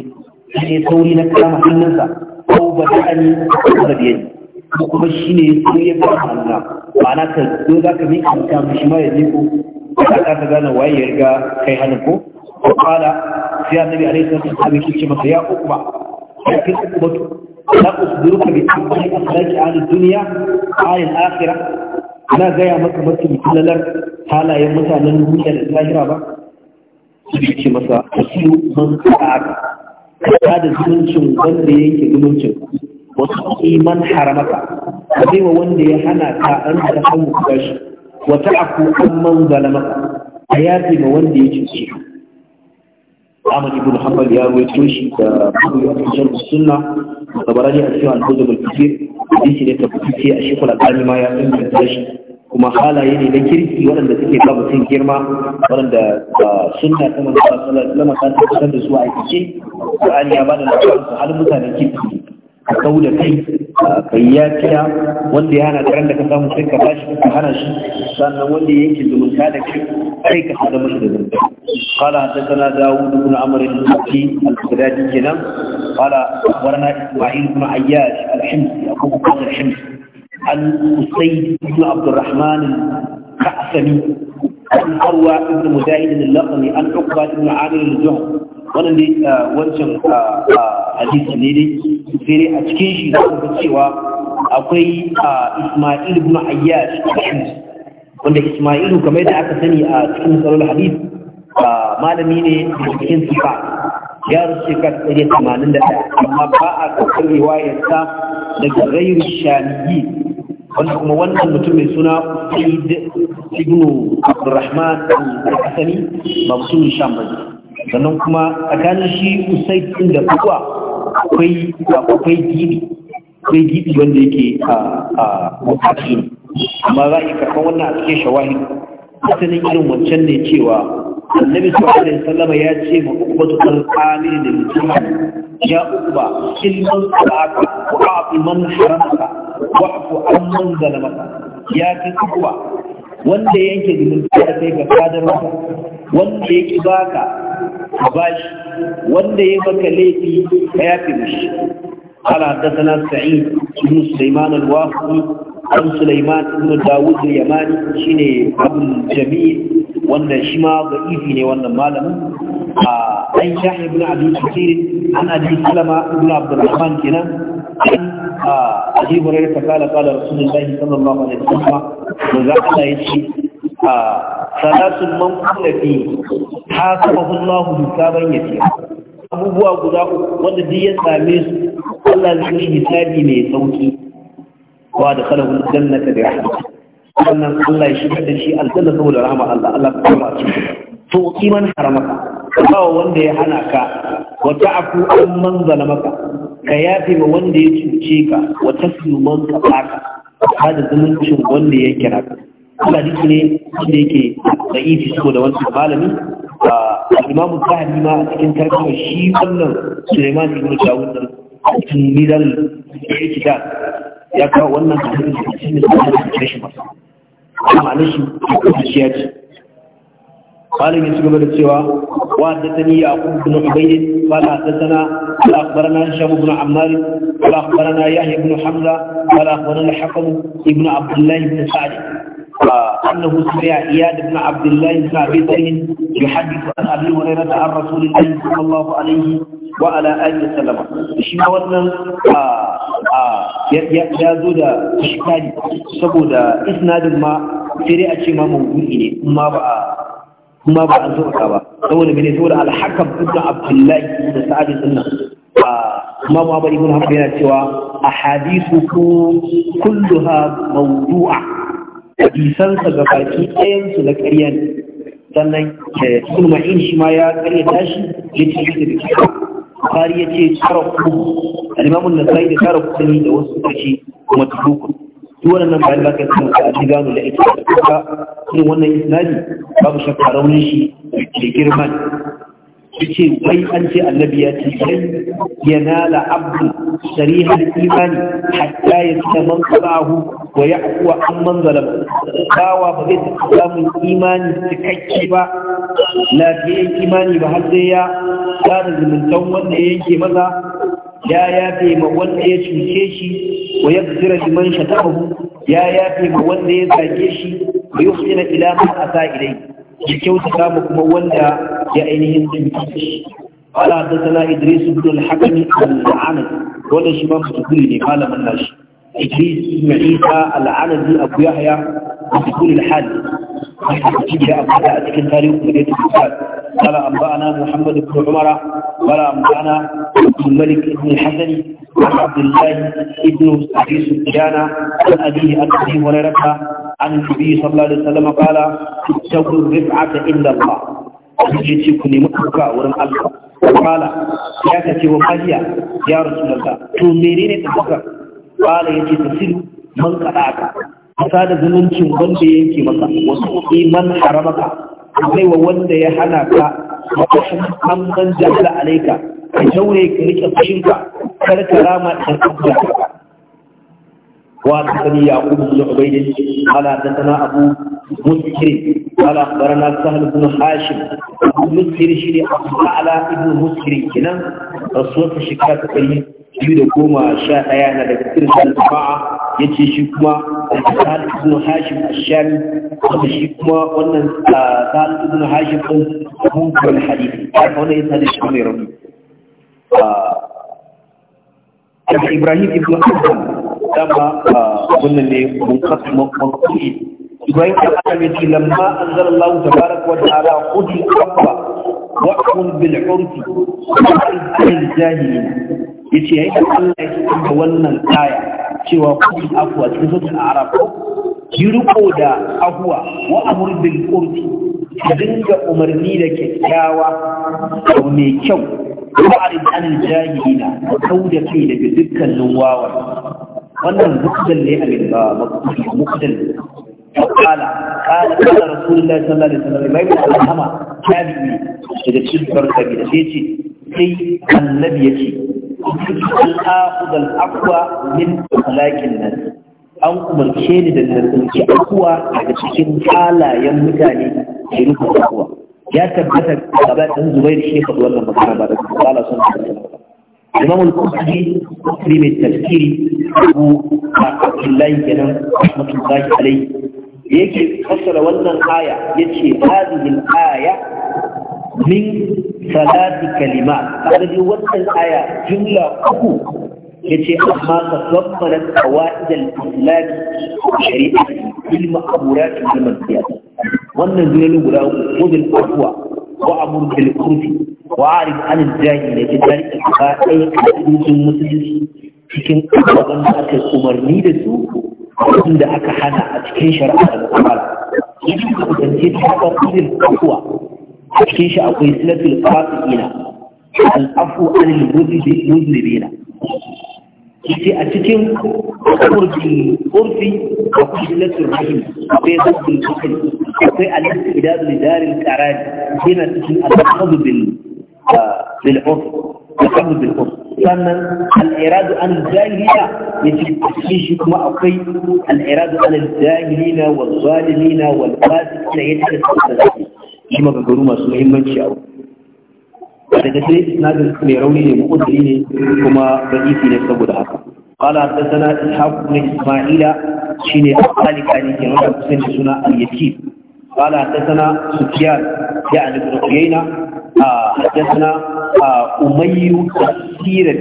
shine sauri na kama hannunsa ko ba da an da biyani ko kuma shine sai ya kama hannuna ma'ana ka zo za ka miƙa mutum shi ma ya je ka ka gane waye ya riga kai hannun ko ko kala sai annabi alaihi salatu wasallam ya ce masa ya ukba ya kai ukba la usbiruka bi amri akhlaqi ahli dunya a al-akhirah ana gaya maka mafi lalar halayen mutanen duniya da lahira ba sai ce masa asiru man ta'ala Ka da zumuncin wanda yake zumuncin wasu iman haramata. ka bai wanda ya hana ka an da hannu ka wata aku an man zalamaka a yafi ma wanda ya cuce Ahmad ibn Hanbal ya rawaito shi da Sharh Sunna da Barani a cikin Al-Hudud al-Kathir hadisi ne fice a Sheikh kula albani ma ya inganta shi kuma halaye ne na kirki waɗanda suke ba mutum girma waɗanda ah, sunna ta manzo sallallahu alaihi wasallam da su a aikace Qur'ani ya bada labarin halin mutanen kirki ka kau da kai ah, kai wanda ya hana karen da ka samu sai ka bashi ka hana shi sannan wanda yake zumunta da kai kai ka hada mashi da zumunta قال حدثنا داوود بن عمرو الحكي البغدادي كلام قال اخبرنا اسماعيل بن عياش الحمصي ابو بكر الحمصي عن اسيد بن عبد الرحمن الكعسمي عن اروى بن مجاهد اللقمي عن عقبه بن عامر الجهم wannan dai wancan hadisi ne dai sai dai a cikin shi za ku cewa akwai Isma'il ibn Ayyash wanda Isma'ilu kamar da aka sani a cikin salon hadisi malami ne cikin sifa ya rushe kan ɗari tamanin da ɗaya amma ba a ƙasar riwayarsa daga rairu shamiyi wanda kuma wannan mutum mai suna Said ibn Abdurrahman al-Asani mabsun Shambali sannan kuma tsakanin shi Usai, din da kuwa akwai akwai gibi akwai gibi wanda yake a a mutaci amma za a yi karɓar wannan a cikin shawahi asalin irin wancan ne cewa annabi sallallahu alaihi wasallam ya ce ma uku batu da mutum ya uku ba ilman salaka wa afi man haramaka wa afu amman zalamaka ya ce uku ba wanda yake zumunta da kai ga kadar maka wanda yake baka bashi wanda ya maka laifi ka yafe mishi قال حدثنا سعيد Sulaiman al الواقي abu sulaiman ibn dawud al-yamani shine abu jami'i wannan shi ma ifi ne wannan malamin a an shahi ibn abi kathir an abi salama ibn abdurrahman kenan an abi hurairah ta kala kala rasulullahi sallallahu alaihi wasallam manzo Allah yace a salatun man kullu fi hasabahu Allah hisaban yasira abubuwa guda uku wanda duk ya same su Allah zai hisabi mai sauki wa da khalaqul jannata bi rahmatihi wannan Allah ya shigar da shi aljanna saboda rahama Allah Allah ka kama shi to kiman haramaka kawo wanda ya hana ka wa ta'fu an man zalamaka ka yafe wa wanda ya cuce ka wa taslu man qataka hada zumuncin wanda ya kira ka Allah duk ne wanda yake da ifi saboda wani malami imamu zahabi ma a cikin tarbiyyar shi wannan suleiman ibn shawun din cikin mizan da yake da ya kawo wannan hadirin da cikin da ya kashe shi masa amma ne shi ya kashe shi ya ce qalin ya cigaba da cewa wa da tani ya ku bin ubayy fa la tasana la akhbarana shabu bin ammar la akhbarana yahya bin hamza fa la akhbarana hakim ibn abdullah bin sa'd أنه سمع إياد بن عبد الله بن أبي يحدث عن أبي هريرة عن رسول الله صلى الله عليه wa ala alihi salama shi ma wannan ya zo da shikali saboda isnadin ma sai a ce ma mawdu'i ne amma ba kuma ba an sauka ba saboda mene saboda alhakam ibn abdullahi da sa'ad sunna amma mu abari ibn hakan yana cewa ahadithu kulluha mawdu'a hadisan sa ga baki ɗayan su na ƙarya ne sannan eh, ibn ma'in shi ma ya ƙarya tashi ya ce da bukari ya ce tarafu alimamun na sai da tarafu ne da wasu kashi kuma tuku duk wannan bayan ba ka san ka ji gano da ita ka irin wannan isnadi babu shakka raunin shi da girman yace bai an ce annabi ya ce sai yanala abdu sarihan imani hatta ya ta man qabahu wa yaqwa an man zalama bawa ba zai samu imani cikakke ba lafiyar imani ba har sai ya tsara zumuntan wanda ya yake masa ya yafe ma wanda ya cuce shi wa ya yaghfira liman shatahu ya yafe ma wanda ya sake shi wa yuhsina ila man asa ilayhi ya kyautata mu kuma wanda ya ainihin zai ala da sana idris ibn al-hakami al-anas wanda shi ba mutubuli ne malamin nashi idris ibn isa a anas ya abu yahya mutubuli al-hadi da aka da a cikin tarihin kudai da kusur kala an ba'ana muhammad ibn umara kala an ba'ana ibn malik ibn hazari an abdullahi ibn sari sujjana an abihi an abi hurairata an nabi sallallahu alaihi wasallam kala shagu rif'ata inda ba yake ce ku kuka a wurin allah ya ka ce wa kariya ya rasu da ta to menene ta kuka ya ce ta sinu man kaɗa ka Kasa da zumuncin wanda ya yanke maka wasu iman haramaka kai wa wanda ya hana ka wakashin amman jahila alaika ka jaure ka rike fushinka kar ka rama ɗan abuja وحدثني يعقوب بن عبيد قال حدثنا ابو مسكر قال اخبرنا سهل بن حاشم ابو مسكر شيخ على ابن مسكر كنا رسول الشكاة كريم biyu da goma sha ɗaya na daga cikin al-ba'a ya ce shi kuma Salisu ibn hashim ash-shami wanda shi kuma wannan Salisu ibn hashim ɗin munkar hadisi haka wannan yana da shi mai rauni daga ibrahim ibn hassan dama wannan ne munkar mafi ibrahim ibn hassan ya ce lamma an zara lahu tabaraka wa ta'ala qudi abba wa'mul bil urfi wa'mul bil jahilin yace yayin da Allah ya fitar da wannan aya cewa ku afwa cikin sura al da afwa wa amr bil qurbi dinga umarni da kyakkyawa da mai kyau a arid anil jahilina kauda kai daga dukkanin wawa wannan mukdal ne abin ba mukdal قال قال قال رسول الله صلى الله عليه وسلم bai da alhama tabi'i daga cikin barka da sai ce sai annabi yace الآخذ الأقوى من أخلاق الناس أو من شيد الناس أقوى على شكل حالة يمتاني شروط الأقوى يا تبتك أبا زبير الشيخ أبو الله مكانا بارك قال صلى الله عليه وسلم إمام القصدي قصدي من التفكير أبو عبد الله جنم رحمة الله عليه يجي فصل ولنا الآية يجي هذه الآية min salati kalima kaga dai wannan aya jumla uku yace amma ka zammana qawaid al-islam shari'a bil ma'murat bil masiyat wannan jumlolin guda uku wajen afwa wa amur bil urfi wa arif an al-jahil da kidari ka dai cikin musulunci cikin abubuwan da aka umarni da su da aka hana a cikin shari'a da mu'amala yake kasance ta farko afwa a cikin shi akwai silatul fasiqina al'afu anil muzlimina yace a cikin urfi urfi akwai silatul rahim akwai zabbul kafin akwai al-istidad li daril qarar yana cikin al-qadr bil bil urf al-qadr bil urf sannan al-iradu an jahiliya yace cikin shi kuma akwai al-iradu an jahilina wal zalimina wal fasiqina yace da shi maka garu masu muhimmanci a wani da kashe sinadar mai rauni ne mukuntari ne kuma bakisi ne saboda haka kala ta sana ishaku na ismaila shi ne a talika ne ke rasa kusan da suna aliyaki kala ta sana sufiyar ya ali kurkuyaina a hajjasana a umayyu a sirar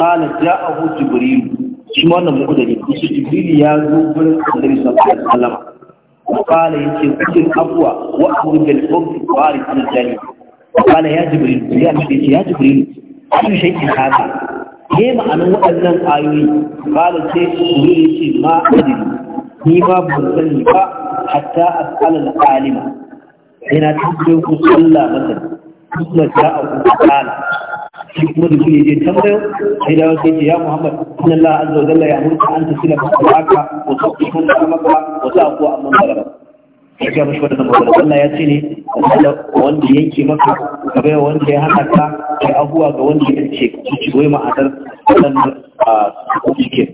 kala ja abu jibiru shi ma wannan mukuntari ne kusa jibiru ya zo wurin annabi sallallahu alaihi wasallam وقال يتي خذ العفو وأمر بالحب وأعرض عن الجاهل وقال يا جبريل يا جبريل يا جبريل أي شيء هذا ke waɗannan ayoyi kala ce ne ya ce ma ni ma ban sani ba hatta as'alal alima yana tambaye ta a shi kuma da kuma je tambayo sai da wasu ya muhammad inna allah azza wa jalla ya murka an tasila maka wa tuqi man maka wa ta'fu amman balagha ya ga mashi wannan magana Allah ya ce ne wanda yanke maka ka bai wanda ya hana ka kai abuwa ga wanda ya ce ki goyi ma'anar wannan a cikin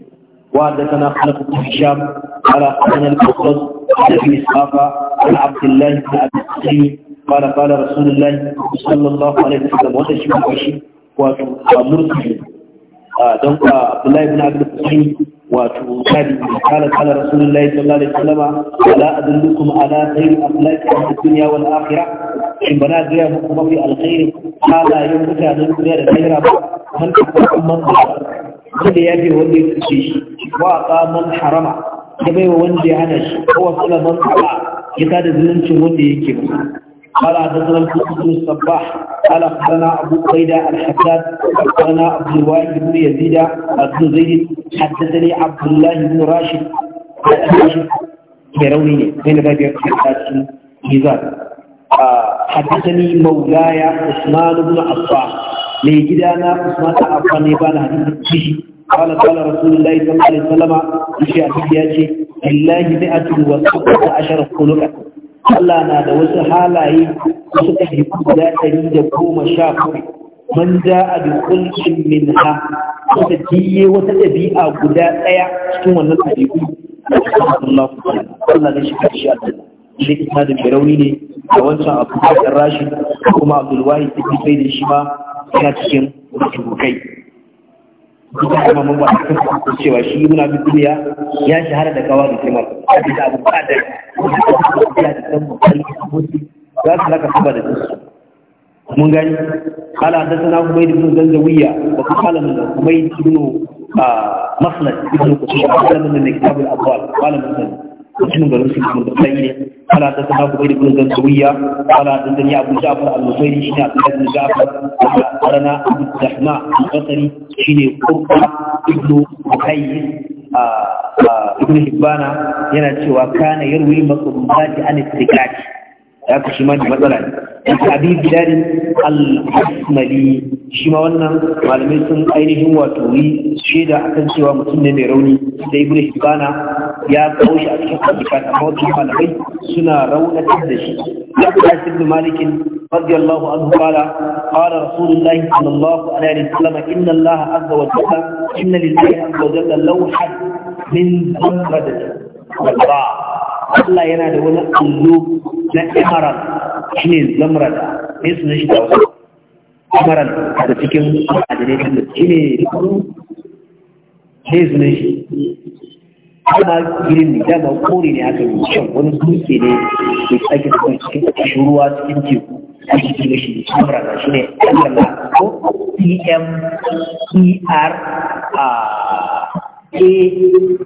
وحدثنا خلف بن هشام قال حدثنا القصص عن ابي اسحاق عن عبد الله بن ابي قال قال رسول الله صلى الله عليه وسلم وتشبه wato a murtali a don ka abdullahi bin abdul qasim wato kadi kala kala rasulullahi sallallahu alaihi wasallam ala adullukum ala khayr akhlaqi fid dunya wal akhirah Shin bana ga mu kuma fi alkhair kala yau mutanen duniya da kaira ba man kuma man wanda ya bi wanda ya kace shi wa man harama ya bai wanda ya hana shi ko wasu man ya tada zuluncin wanda yake ba. قال حدثنا الحسن بن الصباح قال اخبرنا ابو قيدة الحساد اخبرنا عبد الوائل بن يزيد بن زيد حدثني عبد الله بن راشد راشد كيروني بين باب الحساد ميزان حدثني مولاي عثمان بن عفان mai gida na Usman ta afa ne ba na hadisi kishi قال قال رسول الله صلى الله عليه وسلم في حديث ياتي لله مئة وسبعة عشر خلقا Allah na da wasu halaye wasu ɗabi'u guda ɗari da goma sha bakwai man ja a bikulkin min ha wata jiye wata ɗabi'a guda ɗaya cikin wannan ɗabi'u Allah ku Allah ne shi Allah shi ita da mai rauni ne a wancan abu da rashi kuma Abdulwahi ibn da shi ma yana cikin rubutai duka kuma mun ba ko cewa shi muna bi duniya ya shahara da kawa da kimar a bisa abu ba da ya da san mu kai su laka saba da su mun gani kala da sana kuma ibn zanzawiya wa kala min kuma ibn ah, maslad ibn kutub kala min kitab al-abwal kala min mutumin garin su kuma da ne ana ta sana kuma da gudun sauya ana ta sani abu jafar al-musairi shi ne a tsarin jafar da arana abu zahma al-basari shi ne kurka ibnu mukayi ibnu hibbana yana cewa kana yarwi masu rumbati an istiqati da aka shi ma da matsala ne in abi bilali al-asmali shi ma wannan malamai sun ainihin wato yi shaida akan cewa mutum ne mai rauni da ibnu hibana ya kawo shi a cikin hadisa amma wasu malamai suna raunatar da shi ya kuma ibn malikin رضي الله عنه قال قال رسول الله صلى الله عليه وسلم إن الله عز وجل إن لله عز وجل لوحا من زمردة ba. Allah yana da wani allo na emerald shi ne zamrad ne su shi da wasu emerald da cikin adinai da shi ne ne su shi dama girin ne dama kore ne aka yi shan wani dutse ne da tsaki cikin cikin ruwa cikin teku a cikin da shi emerald shi ne emerald ko pmer a alb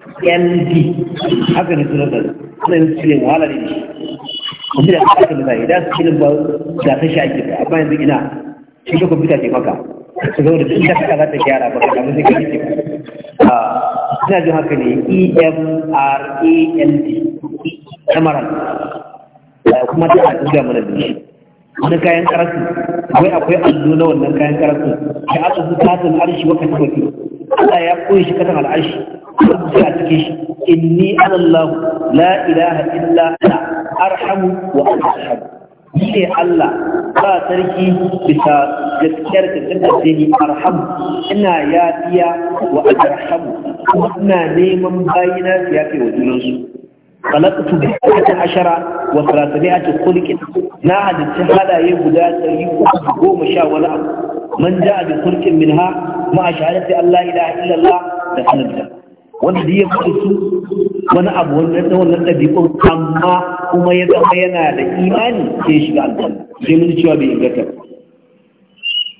haka ne na da wannan su ne wahala ne shi kuma da aka da zai da su ba da ta shi ake a amma yanzu ina shi ko computer ke maka su ga wanda duk da kaza ta gyara ba ka mun ga yake ah ina jin haka ne E M R A L D Emerald ah, kuma ta a duba mana da shi wani kayan karatu akwai akwai allo na wannan kayan karatu da aka zuta sun arshi wakati wakati Allah ya koyi shi katan al'arshi sai a cikin shi inni anallahu la ilaha illa ana arhamu wa arhamu shi Allah ba sarki bisa gaskiyar kasan da sai arhamu ina yafiya wa arhamu kuma ina neman bayina su yafe wa junansu خلقت بسعة عشر وثلاثمائة خلق نعد التهالة يبدا يقوم شاء ولا من جاء بخلق منها مع شهادة أن لا إله إلا الله دخل الجنة wanda da ya su wani abu wannan da wannan ɗabi'un amma kuma ya zama yana da imani ke shiga aljanna sai mun cewa bai ingata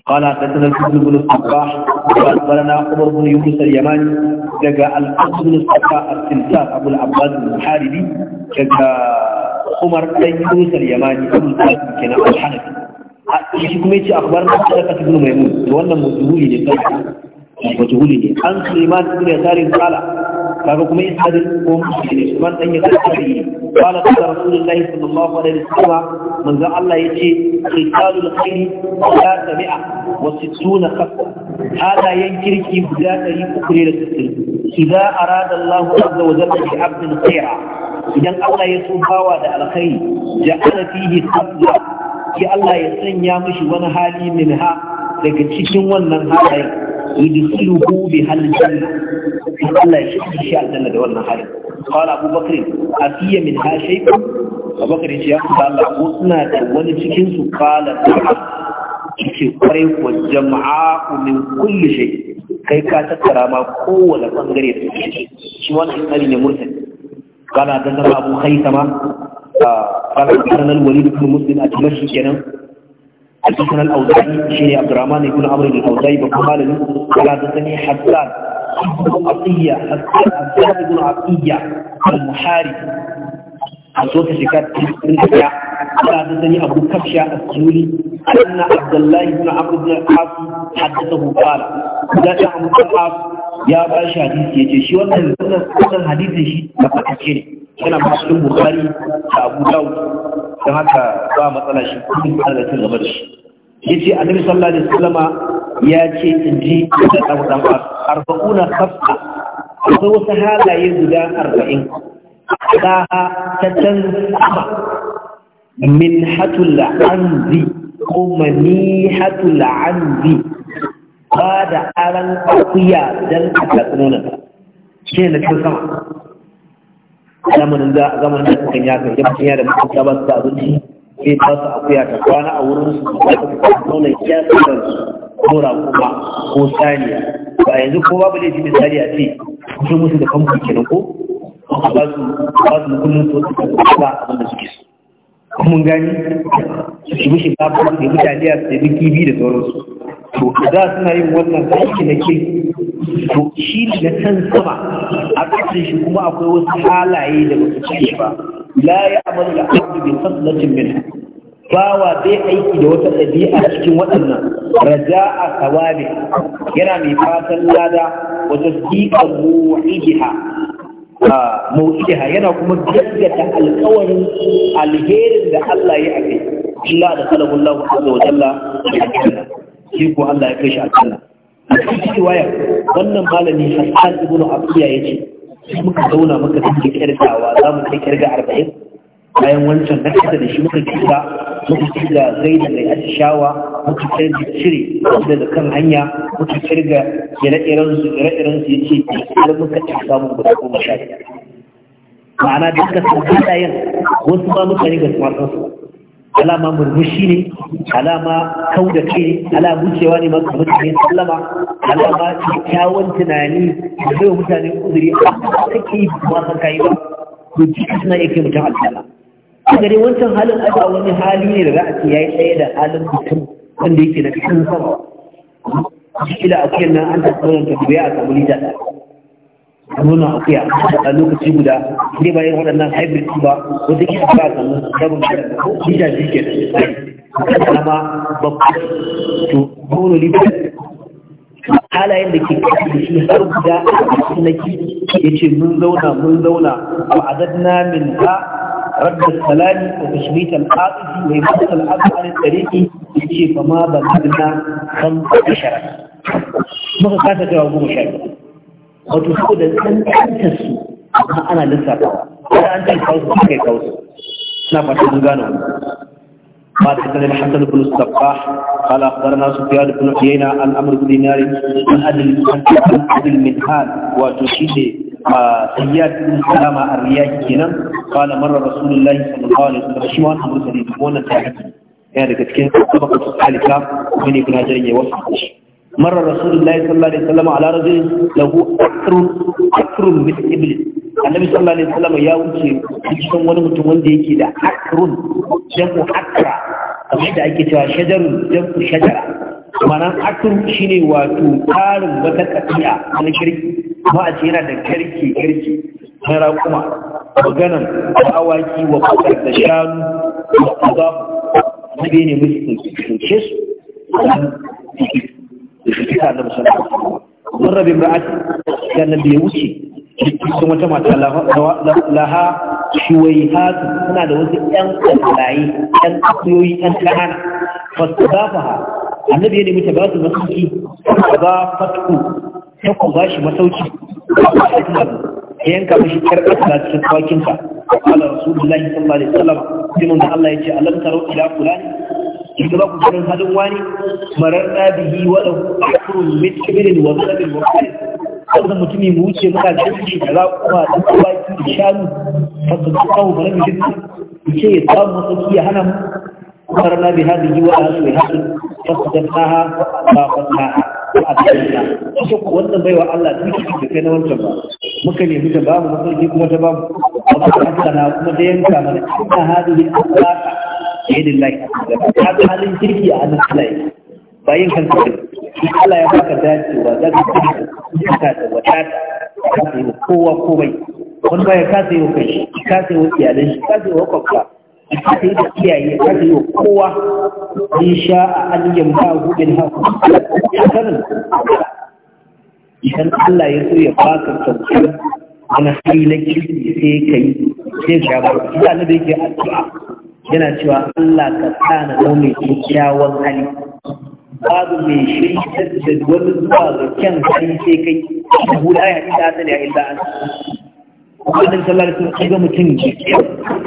قال حدثنا الحسن بن الصباح اخبرنا عمر بن يونس اليماني دقا الحسن بن الصباح التلتاف ابو العباس الحاربي دقا عمر بن يونس اليماني ابو القاسم كان الحنفي shi kuma yace akhbarna sadaqat ibn maimun wannan mujhuli ne sai mujhuli ne an sulaiman ibn yasarin qala kaga kuma isadin ko musulmi Usman dan ya tsari qala qala rasulullahi sallallahu alaihi wasallam manzo Allah yace qitalul khairi la tabi'a wa 60 khassa hada kirki guda 360 idza arada Allah azza wa jalla bi 'abdin khaira idan Allah ya bawa da alkhairi ja'ala fihi khassa ki Allah ya sanya mishi wani hali ha daga cikin wannan halayen yudkhiluhu bi hal janna sai Allah ya shiga shi aljanna da wannan halin qala Abu Bakr asiya min ha shay'a Abu Bakr ya ce Allah ko suna da wani cikin su qala ce kwarai kuwa jama'a min kulli shay kai ka tattara ma kowane bangare da shi shi wannan tsari ne murtad kana da zama Abu Khaisama قال حدثنا الوليد بن مسلم الدمشقي كان حدثنا الاوزاعي شيخ عبد الرحمن بن عمرو الاوزاعي بن قال حدثني حسان ابن عطية الزهد بن عطية المحارب أصوات شكات من أكا قال حدثني أبو كبشة السيولي أن عبد الله بن عمرو بن العاص حدثه قال ذات عمرو بن العاص يا باشا حديث يجي شي wannan wannan hadisin shi da fakace ne yana cikin Bukhari da Abu Dawud don haka ba matsala shi kullum ana da cin gaba da shi yace annabi sallallahu alaihi wasallama ya ce in ji da Abu arba'una khaffa akwai wasu halaye guda arba'in da ta sama, min hatul anzi ko mani hatul anzi ba da aran akuya don a katsunan shi ne na cikin sama zamanin da zamanin da suka ya kan da mutunta da abinci sai ba su akuya ta kwana a wurin su ba su kwana ya su kora kuma ko saniya ba yanzu ko babu laifi misali a ce su musu da famfo kenan ko ba su ba su kullum mukullin su wasu ba abin da suke so kuma gani su shi shiga shinkafa da mutane a su bi kibi da sauransu to za suna yin wannan aiki na ke to shi na can sama a ƙasar shi kuma akwai wasu halaye da ba su ci ba la ya amalu da abu bi faslatin min bawa zai aiki da wata ɗabi'a cikin waɗannan raja a sawabi yana mai fatan lada wata siƙa mu'idiha ah, mawuciha yana kuma gaggata alkawarin alherin da Allah ya ake illa da salahun lahu azza wa jalla ya aljanna shi ko Allah ya kai shi aljanna a cikin riwaya wannan malami Hassan ibn Afiya yace muka zauna muka tafi kirkawa zamu mu kai kirga arba'in. bayan wancan na kasa da shi muka kisa muka zai da mai atishawa muka da cire daga kan hanya muka kirga ire-iren su ire-iren su yace har muka ci samun guda goma sha biyar ma'ana da suka san halayen wasu ba mutane ga su masu su alama murmushi ne alama kau da kai alama wucewa ne masu mutane sallama alama kyakkyawan tunani da zai mutane uzuri a kake ba san kayi ba hujji suna yake mutum alƙala a gare wancan halin aka wani hali ne da za a ce ya yi tsaye da halin mutum wanda yake na kan sama kila akuyar nan an tattaunar ta biya a samu lita ɗaya nuna akuya a lokaci guda ne bayan waɗannan hybrid ba wata kila ba a samu sabon lita shi ke da ma babba to nono lita halayen da ke kasu da shi har guda a sunaki ya ce mun zauna mun zauna wa azadna min ha رد السلام وتشميت العاطف وإمامة العبد عن الطريق يجي فما بلغنا خمس shara. muka kasa cewa goma sha biyu wato saboda tsantsanta su amma ana lissafa da an ce su kai kawo su na fata mun gano قال حدثنا الحسن بن الصباح قال اخبرنا سفيان بن عيينه عن عمرو بن دينار عن ابي المنهال وتشيد سياد بن سلامه الرياحي كنا قال مر رسول الله صلى الله عليه وسلم شيوان عمرو سليم وانا تعبت يعني كتكين سبقت الحالكه من ابن هجريه وصحبه marar rasulullahi sallallahu alaihi wasallam ala rajulin lahu akrun akrun min iblis annabi ya wuce cikin wani mutum wanda yake da akrun jamu akra kamar da ake cewa shajarun jamu shajara ma'anar akrun shine wato karin wata kafiya wani kirki kuma a ce yana da karki karki na rakuma maganan awaki wa kusur da shanu da ne su da na musamman mun rabe ra'ad ya nan da ya wuce cikin wata mata laha shiwai hatu suna da wasu ƴan kwallaye ƴan akuyoyi ƴan ƙanana fasu zafa ha annabi ya nemi ta ba su masauki ba fatu ta ku ba shi masauki ya yanka mashi karɓar da cikin tsawakinsa ala rasulullahi sallallahu alaihi wasallam sai da Allah ya ce alam tarau ila fulani yanzu ba ku ganin halin wani marar bihi waɗa kurun mitkibirin wa zaɓin wakil wannan mutumin mu wuce muka jirgi da za raƙuma da tsawaki da shanu fasu su kawo mana mu jirgi ku ce ya samu masauki ya hana mu kumar na bi hadin yi wa asu ya hadin fasu da taha ba fasa a tsakiya ita ku wannan baiwa Allah duk da kai na wancan ba muka nemi ta bamu masauki kuma ta bamu amma ta hasana kuma da yanka mana ina hadin yi a yadin laki ta ga halin kirki a hannun Allah bayan bayin kan Allah ya baka dacewa za ka kudi ka da wadata ka sai wa kowa komai wani baya ka sai wa kai ka sai wa iyalan shi ka sai wa kwakwa ka sai da iyaye ka sai wa kowa in sha a an ba, hudin haku sanin idan Allah ya so ya baka kyautar wani hali na kirki sai ka yi sai ka ba shi da yake addu'a yana cewa Allah ka na zau mai kyakkyawan hali babu mai shirya da wani zuwa ga kyan hali sai kai da huda ya ta sani a illa an wannan sallar sun ga mutum ke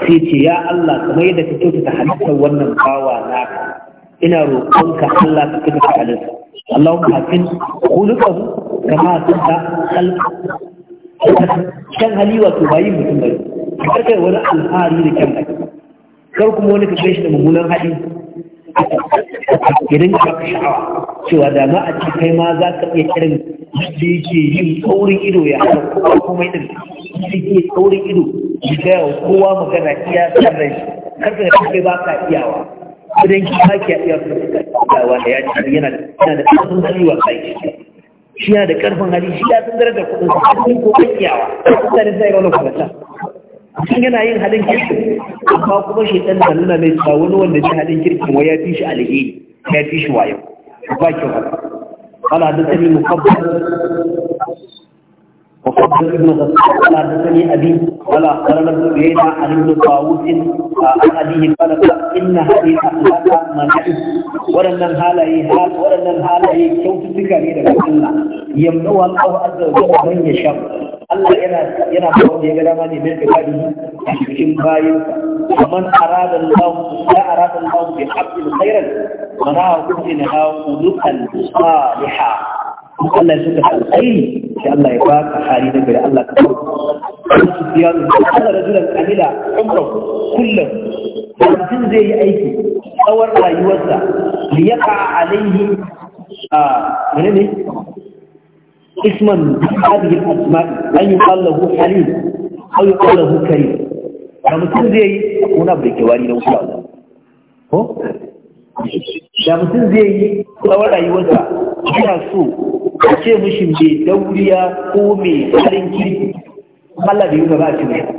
sai ce ya Allah kamar yadda ka kyautata halittar wannan bawa naka ina roƙonka Allah ka kyautata halittar اللهم حسن خلقه كما كنت خلقه كان هلي وتبايم mutum bai. karkai wani alfahari da kyan kar kuma wani ka shi da mummunan hali idan ka ka sha'awa cewa da ma a ce kai ma za ka iya kiran da yake yin tsaurin ido ya hana kowa kuma idan da yake tsaurin ido ya gaya wa kowa magana iya san rai kar ka kai ba ka iyawa idan ki ba ki iya kuma ka iyawa da ya ce yana da ƙarfin hali wa kai shi yana da ƙarfin hali shi ya san darajar kuɗin sa ko kan iyawa mutane sai ga wani kwalata mutum yana yin halin kirki? amma kuma shi da nuna mai ba wani wanda shi halin kirki wa ya fi shi alheri ya fi wayo ba kyau haka da حدثني mukabbal وقبل ابن غسان حدثني ابي قال اخبرنا بينا عن ابن طاووس عن ابيه قال ان هذه الاخلاق منائب ولن هالاي هال ولن هالاي كوت سكري لك الله يمنوها الله عز وجل من يشاء الله ينا ينا فوق يا جماعه من عباده cikin bayinsa ومن اراد الله لا اراد الله بعبد خيرا منعه من هؤلاء الصالحه Allah ya saka alƙairi shi Allah ya ka hali na gari Allah ka kawo su biya su Allah rajulan kamila umra kullum Da mutum zai yi aiki tsawon rayuwarsa ya yaqa alaihi a menene isman hadhihi al-asma an yi lahu halim aw yi lahu karim da mutum zai yi kuna ke wari na wuce Allah ko da mutum zai yi tsawon rayuwarsa yana so a ce mishi mai dauriya ko mai tsarin kirki Allah bai yi ba a cikin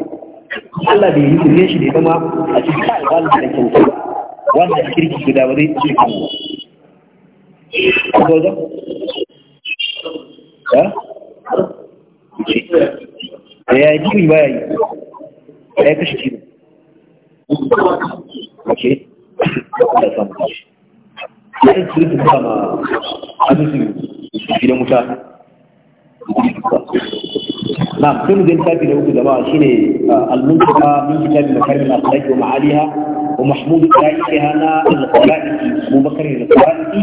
Allah bai yi ne shi ne zama a cikin alwalin da ke wuce wanda kirki guda ba zai ci kan ko ga da ya yi jiri ba ya yi ya kashe jiri ok da samun kashi ya yi cikin ba ma hadisin gidan wuta na sun zai tafi da uku jama'a shine ah, al-muntaqa min kitab makarim al-akhlaq wa ma'aliha wa mahmud qa'idaha na al-qala'i Abu Bakar al-Qala'i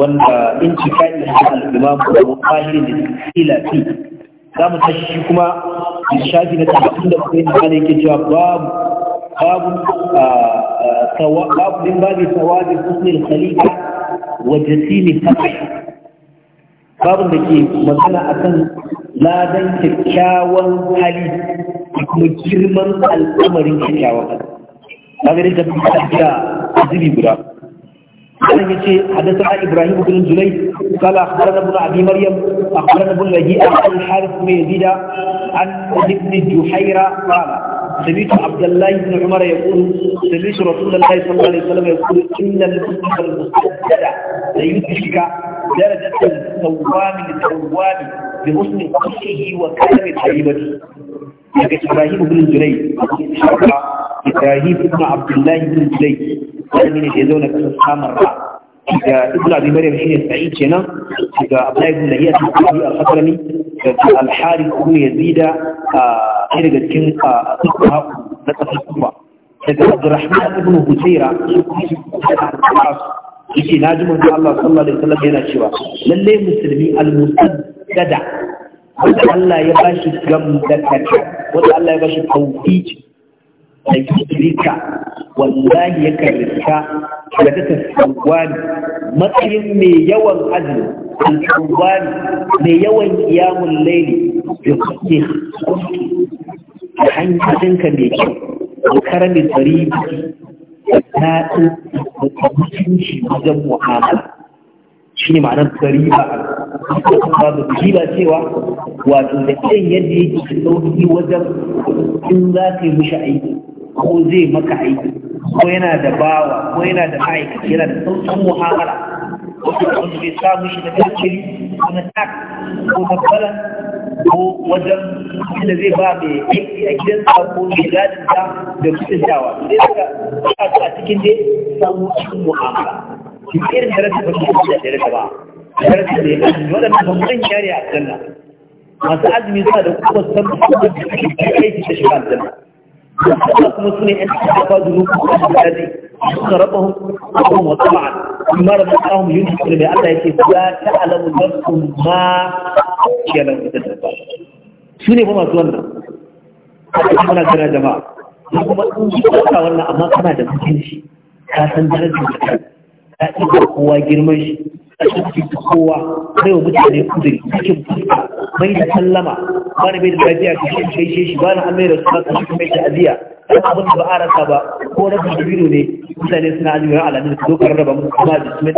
wanda in cikai al-imam Abu Tahir al-Ilafi za mu tashi kuma shafi na 37 da yake cewa babu babu babi babu sawabin husnul khalifa wa jasimi tabi babu da ke magana akan ladan kyakkyawan hali kuma girman al'amarin kyakkyawan hali magana da bi ta da zubi guda Allah ya ce hadasa Ibrahim bin Julay qala akhbarana Abu Abi Maryam akhbarana Abu Lahi al-Harith bin Yazid an Ibn Juhaira qala سمعت عبد الله بن عمر يقول سمعت رسول الله صلى الله عليه وسلم يقول إن الفتنة المستجدة ليدرك درجة التوام التوام بحسن قصه وكلمة طيبته daga Ibrahim ibn Zulay Ibrahim ibn Abdullah ibn Zulay wani ne da ya zauna kasar Samarra da ibn abi maryam shine sa'id kenan daga abdullahi ibn lahiya da abi al-hadrami da al-harith ibn yazid a ɗaya daga cikin ashabu na kasar kufa daga abdurrahman ibn husaira yake na ji manzo Allah sallallahu alaihi wasallam yana cewa lalle musulmi al-musaddada wanda Allah ya bashi gamdaka wanda Allah ya bashi tawfiq da rika, wallahi ya karrika da ta tsawani matsayin mai yawan azumi al mai yawan kiyamun laili da kuke hanyar hanyoyinka mai kyau da karamin tsari na da mutunci wajen mu'amala shi ne ma'anar tsari ba da ba cewa wato da kiyan yadda yake sauki wajen in za ka yi mishi aiki ko zai maka aiki ko yana da bawa ko yana da ma'aikaci yana da sauƙin mu'amala wasu wanda bai samu shi da karkiri ko na tak ko na ko wajen inda zai ba mai aiki a gidan ko mai gadin da da mutuntawa sai daga a cikin dai samu cikin mu'amala irin darasa ba su da darasa ba darasa ne waɗanda ban ban yare a kanna masu azumi suna da kuma san kuma da suke aiki ta shiga aljanna kuma sune yan tafa zuru da ji suka raba hukum wa tsama'an amma da ta kawo yin shi mai Allah yake ya ta alamu nafsun ma ke nan da ta su ne kuma masu wannan kuma kana jama'a kuma in ji ka amma kana da mutunci ka san darajar ka ka girman shi a cikin sai wa mutane kudiri cikin fuska mai da sallama ba na mai da lafiya ka shi gaishe shi ba na an mai da suna kashi mai aziya. dan abin da ba a rasa ba ko na biyu ne mutane suna azumin alamin su zo ka rarraba musu kuma da su mai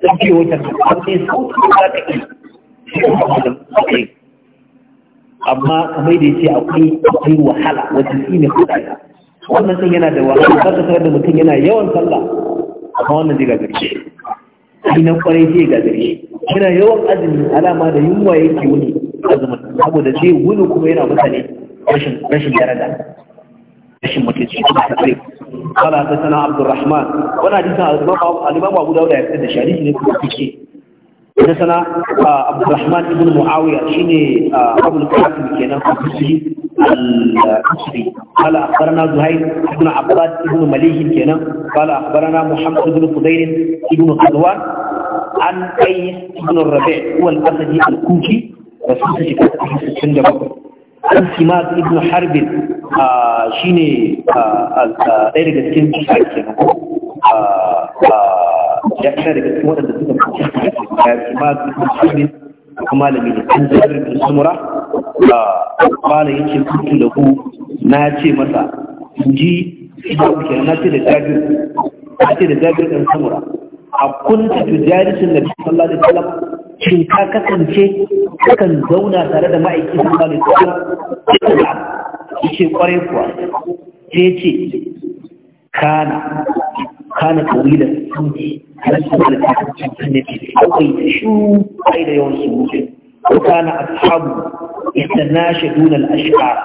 da ciwo dan ciwo wata abu ne sauki za ka yi amma kamar da ya ce akwai akwai wahala wajen shi ne kuɗaɗa wannan sun yana da wahala ba ta sanar da mutum yana yawan sallah amma wannan zai gagare shi na kwarai zai gagare shi yana yawan azumi alama da yunwa yake wuni azumin saboda zai wuni kuma yana mutane rashin rashin daraja rashin mutunci kuma ta kai kala ta sana abdurrahman wani hadisi al-imam abu dawud ya fitar da shari'i ne kuma kike ta sana abdurrahman ibn muawiya shine abul ah, qasim kenan al-qusri al-qusri kala akhbarana zuhair ibn abbas ibn malih kenan kala akhbarana muhammad ibn fudayl ibn qadwan عن قيس بن al هو Al-Kuki. da sun ta shiga cikin da bakwai an sima ibn harbin shi ne ɗaya daga cikin shiga kenan ya kira daga cikin waɗanda suka fi ya sima ibn harbin kuma malami ne an zaɓi da samura kwala ya ce kutu da ku na ce masa in ji shi da na ce da jabir na ce da jabir ɗan samura a kunta tujarisun da sallallahu alaihi Talab shin ka kasance kan zauna tare da ma'aiki sallallahu alaihi wasallam yace kware kuwa sai ce kana kana tawila sunni rasul da cikin nabi akwai shu ai da yawan sunni kana ashabu yatanashaduna al-ashqar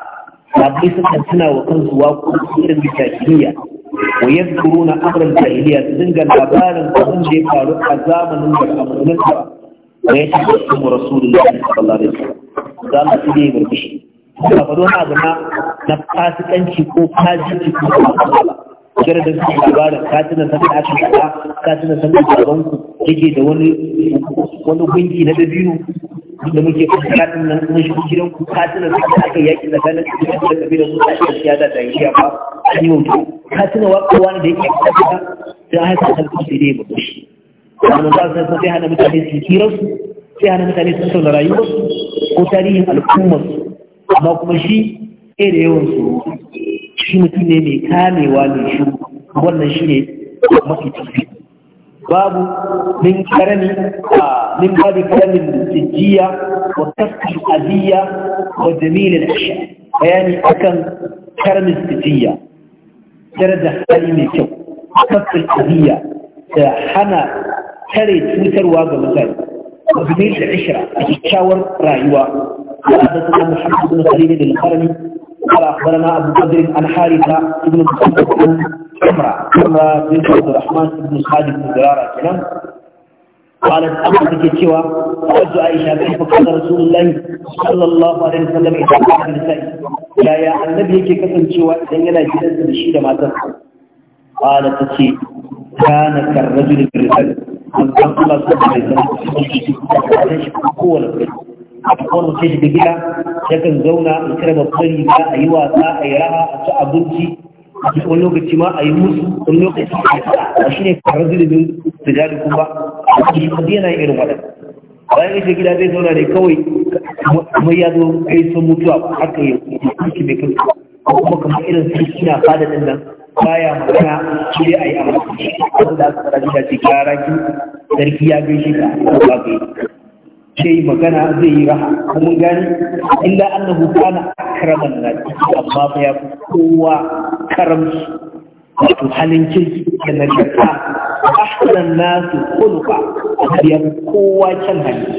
da bai suka tuna wa kansu wa irin jahiliya wa na amran jahiliya su dinga labarin abin da ya faru a zamanin da kamannin sa wa ya tafi su rasulullahi sallallahu alaihi wasallam za mu ci ne murmushi ba fa don abu na na fasikanci ko fajinci ko Allah kira da su labarin katinan san da aka kada katinan san da gaban ku yake da wani wani gungi na dabino da muke fara nan mun shi gidan ku katinan san da aka yaki tsakanin da kabilar su da ya da dangiya ba an yau ka tuna wani da yake kasa sai an haifa kan kusa da ya mutu shi wani za su sai hana mutane su kirarsu sai hana mutane su sauna rayuwarsu ko tarihin al'ummarsu amma kuma shi ɗaya da yawansu shi mutum ne mai kamewa mai shi wannan shi ne mafi tafi babu min karami a min babu karamin tijjiya wa kaskar aziya wa jamilin asha bayani akan karamin tijjiya daraja hali mai kyau kafin aziyya da hana tare cutarwa ga mutane wasu ne da ishira a kyakkyawar rayuwa محمد بن خليل القرني قال اخبرنا ابو بدر عن حارثه بن محمد بن عمره عمره بن عبد الرحمن بن خالد بن زراره كلام قالت أما تكتشوا فأجد عائشة كيف قال رسول الله صلى الله عليه وسلم إذا قال النساء يا يا النبي كيف تكتشوا إذا ينا يجلس بشيدة ما تفعل قالت تسي كان كالرجل في الرسالة من قال الله صلى الله عليه وسلم هو الرجل akwai mutum da gida yakan zauna a cire babban riga a yi wasa a yi raha a ci abinci wani lokaci ma a yi musu wani lokaci a shi ne karar zilibin sigari ba a shi yana irin waɗanda bayan ya gida zai zauna ne kawai kamar ya zo kai sun mutuwa haka ya kuki mai kai kuma kamar irin su suna fada din nan baya magana shi dai a yi amma da aka fara gida ce gara ki sarki ya gaishe ka ba ka yi zai magana zai yi raha kuma gani illa annahu kana akraman nas amma baya ya kowa karamsu wato halin kirki da nagarta nasu nas khuluqa ya kowa can hali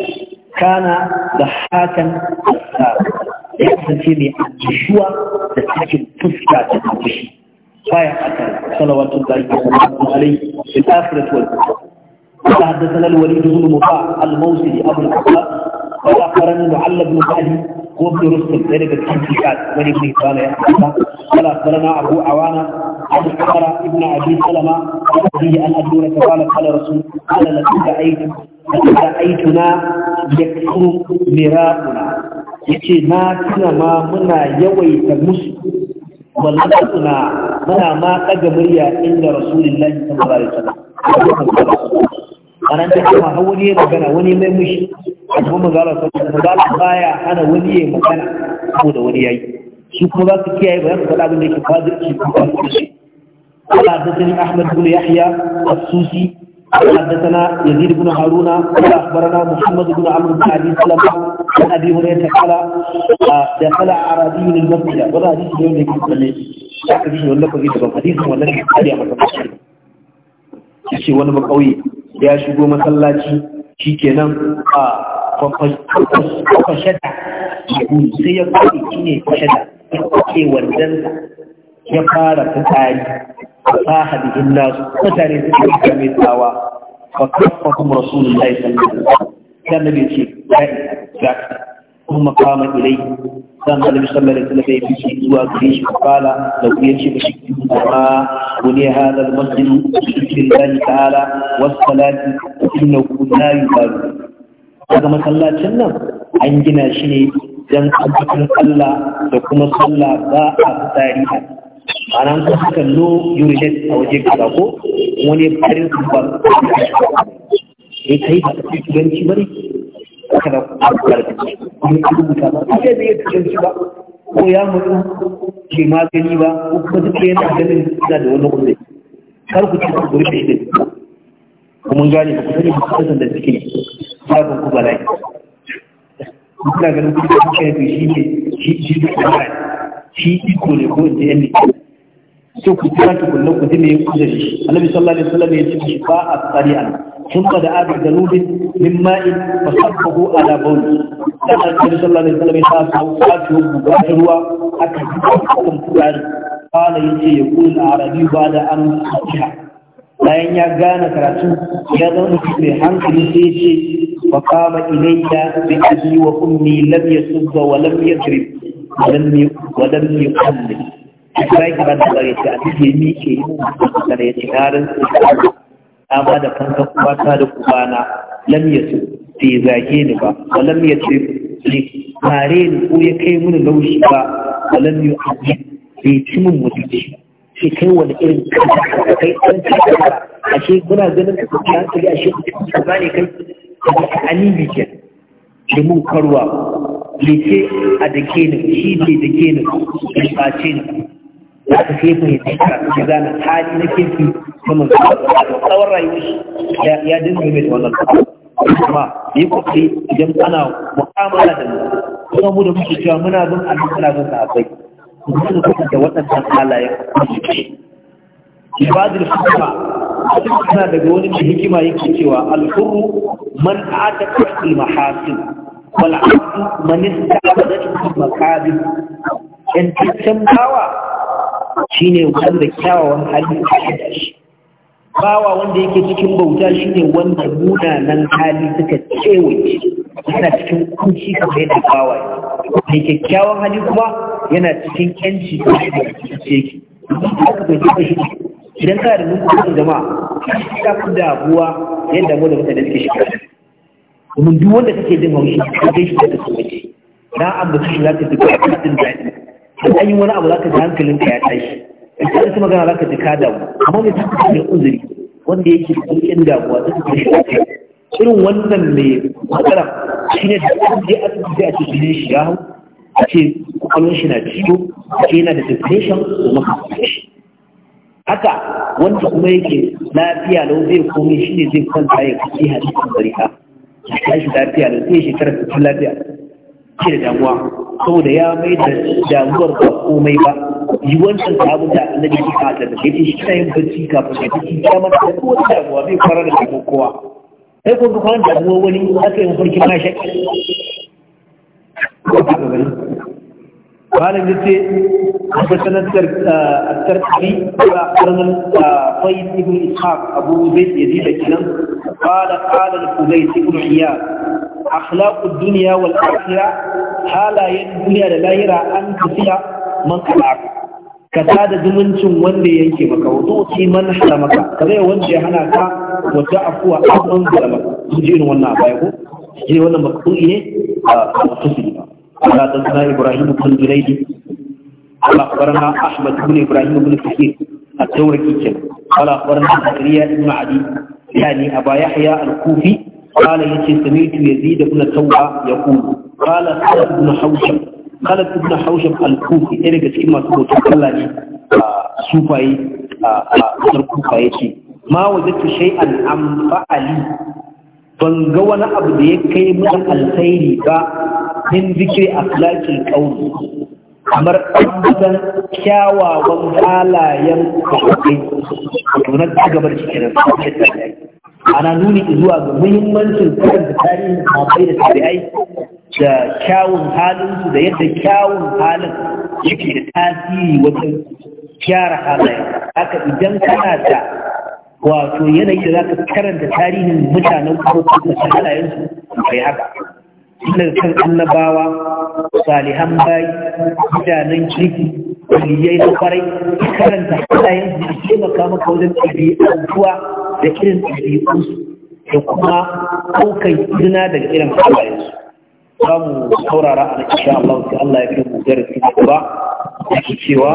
kana da hakan ya kasance mai annashuwa da cikin fuska ta fushi baya hakan salawatu da alaihi wa sallam alaihi da akhirati wal قال حدثنا الوليد بن مطاع الموصلي ابو العباس قال اخبرنا معل بن سعد وابن رستم ذلك التنكيشات من ابن هبان قال اخبرنا ابو عوانه عن عمر بن ابي سلمه به ان ادور قال قال رسول قال لقد رايت لقد رايتنا يكثر مراؤنا yace na tuna ma muna yawaita musu wallahi tuna muna ma daga murya inda rasulullahi sallallahu alaihi wasallam ana ta cewa har wani ya magana wani mai mushi a kuma magana ta kuma magana baya hana wani ya magana saboda wani yayi shi kuma za su kiyaye ba za su faɗa abin da ke fadirci ko ba su kashe ala hadathani ahmad ibn yahya as-susi hadathana yazid ibn haruna ala akhbarana muhammad ibn amr ibn abi sallam an abi hurayra qala ah, da qala arabi min al-masjid wa radi shi ne ke kalle shi ne wannan ko ita ba hadisi wannan ne hadiya ba ta shi ne shi wannan ba kauye ya shigo masallaci shi kenan a kwafashata sai ya kwari shi ne kwashata ya kwace wandansa ya fara fitari fasaha da hinna mutane su ke kame tsawa fa kuma ya kun makama ilai san da nabi sallallahu alaihi wasallam zuwa gare shi kala da kuma yace ba shi kuma wani ya hada da masjid cikin dan kala wassalatu inna kunna yubadu daga masallacin nan an gina shi ne dan abubuwan Allah da kuma sallah ba a tarihi anan ko suka lo yurihet a waje gaba ko wani farin kuma ba kai ba ci ganci haka da kuma da ake zai da cikin shi ba ko ya mutu ke magani ba ko kuma duk yana ganin da da wani kar ku ci ku kuma gane ku sani ku kasan da suke ba ku ku bala'i kuna ganin ku da kuke da shi ne shi shi bala'i shi ne ko da yanni so ku tsaya ku ku da shi annabi sallallahu alaihi wasallam ya ce ba a tsari Allah ثم دعا بجنوب من ماء فصبه على بول كما النبي صلى الله عليه وسلم يقال فاته مباشرة أكثركم فرعا قال يجي يقول العربي بعد أن صحيح bayan ya gane karatu ya zauna mai hankali sai ce fa kama ilayya bi abi wa ummi lam yasubba wa lam yadrib wa lam wa lam yuqallib sai ka ba da ya ce a cikin mike da ya ci harin sai amma da kanka uwata da kubana lam su bai zage ni ba wa lam ce ne tare ni ko ya kai mini laushi ba wa lam yu'adhi bai ci min mutunci shi kai wani irin kanta kai ɗan a ashe kuna ganin ka kuka hankali shi? ka ba ne kai Ali alibi ke da mun karwa ce a da kenin shi ne da kenin da ce ne ya ka sai fahimci kafin ya gane hali na kirki kuma tsawon rayuwar shi ya dinga mai wannan kuma yi kokari idan ana mu'amala da mu kuma mu da muke cewa muna zan Allah muna zan sa akwai. mu kuma da waɗannan halayen ibadul hikma suna daga wani mai hikima yake cewa al-hurru man ataka al-mahasin wal 'abdu man istaqadat yantaccen bawa shine wanda kyawawan hali da da shi bawa wanda yake cikin bauta shine wanda munanan hali suka kewaye yana cikin kunci kamar yadda bawa mai kyakkyawan hali kuma yana cikin yanci da cikin yake haka bai taɓa shi idan ka da mutum jama'a ka fi damuwa yadda mu da mutane suke shiga domin duk wanda suke jin haushi ka gaishe shi da su waje na ambaci shi za ka duka a daɗi da wani abu zaka ji hankalin ka ya tashi in ka ɗansu magana zaka ka ji ka damu amma mai tafi da uzuri wanda yake da ƙarƙin damuwa ta tafi shi ake irin wannan mai matsala shi ne da an je asibiti a cikin shi ya hau a ce kwakwalwar shi na ciwo a ce yana da depression da makamantar haka wanda kuma yake lafiya lau zai komai shi ne zai kwanta ya kaci hadisin bari'a ya tashi lafiya lau zai shekarar cikin lafiya ke da damuwa saboda ya mai da damuwar ba komai ba yi wancan abin da annabi ke fata da yake shi yin bacci kafin ya tafi ya mata da kowace damuwa bai fara da damuwa kowa sai kuma kwan damuwa wani aka yi mafarki ma shakka قال a حدثنا التركي ibn طيب abu ba da akhlaqud dunya wal akhirah halayen duniya da lahira an tafiya man kalak ka tada zumuncin wanda ya yanke maka wato ci man haramaka ka zai wanda ya hana ka wata afuwa da zalamaka su ji irin wannan abaya ko ji wannan makruhi ne a wasu su ba ala dan sana ibrahim ibn juraydi ala akhbarana ahmad ibn ibrahim ibn kathir at-tawraki kenan ala akhbarana zakariya ibn adi yani aba yahya al-kufi قال يتي سميت يزيد بن توبه يقول قال خالد بن حوشب خالد بن حوشب الكوفي ايه cikin masu bautar Allah ne a sarku fa yace ma wajatu shay'an am fa'ali ban ga wani abu da ya kai mun alkhairi ba min a akhlaqil qawl kamar ɗan kyawawan halayen kwafafi, ɗunar cigabar cikin rasu da ana nuni zuwa ga muhimmancin karanta tarihin sahabbai da tabi'ai da kyawun halinsu da yadda kyawun halin yake da tasiri wajen gyara halaye haka idan kana da wato yanayi da za ka karanta tarihin mutanen farko da su kai haka tun kan annabawa salihan bayi mutanen kirki waliyai na kwarai karanta halayen su da taimaka maka wajen ɗabi'antuwa da irin ɗabi'unsu da kuma ɗaukan izina daga irin halayensu za mu saurara a insha Allah sai Allah ya kai mu darasi da gaba yake cewa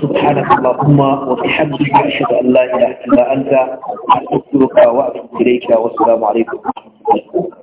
subhanaka allahumma wa bihamdika ashhadu an la ilaha illa anta astaghfiruka wa atubu ilayka wa assalamu alaikum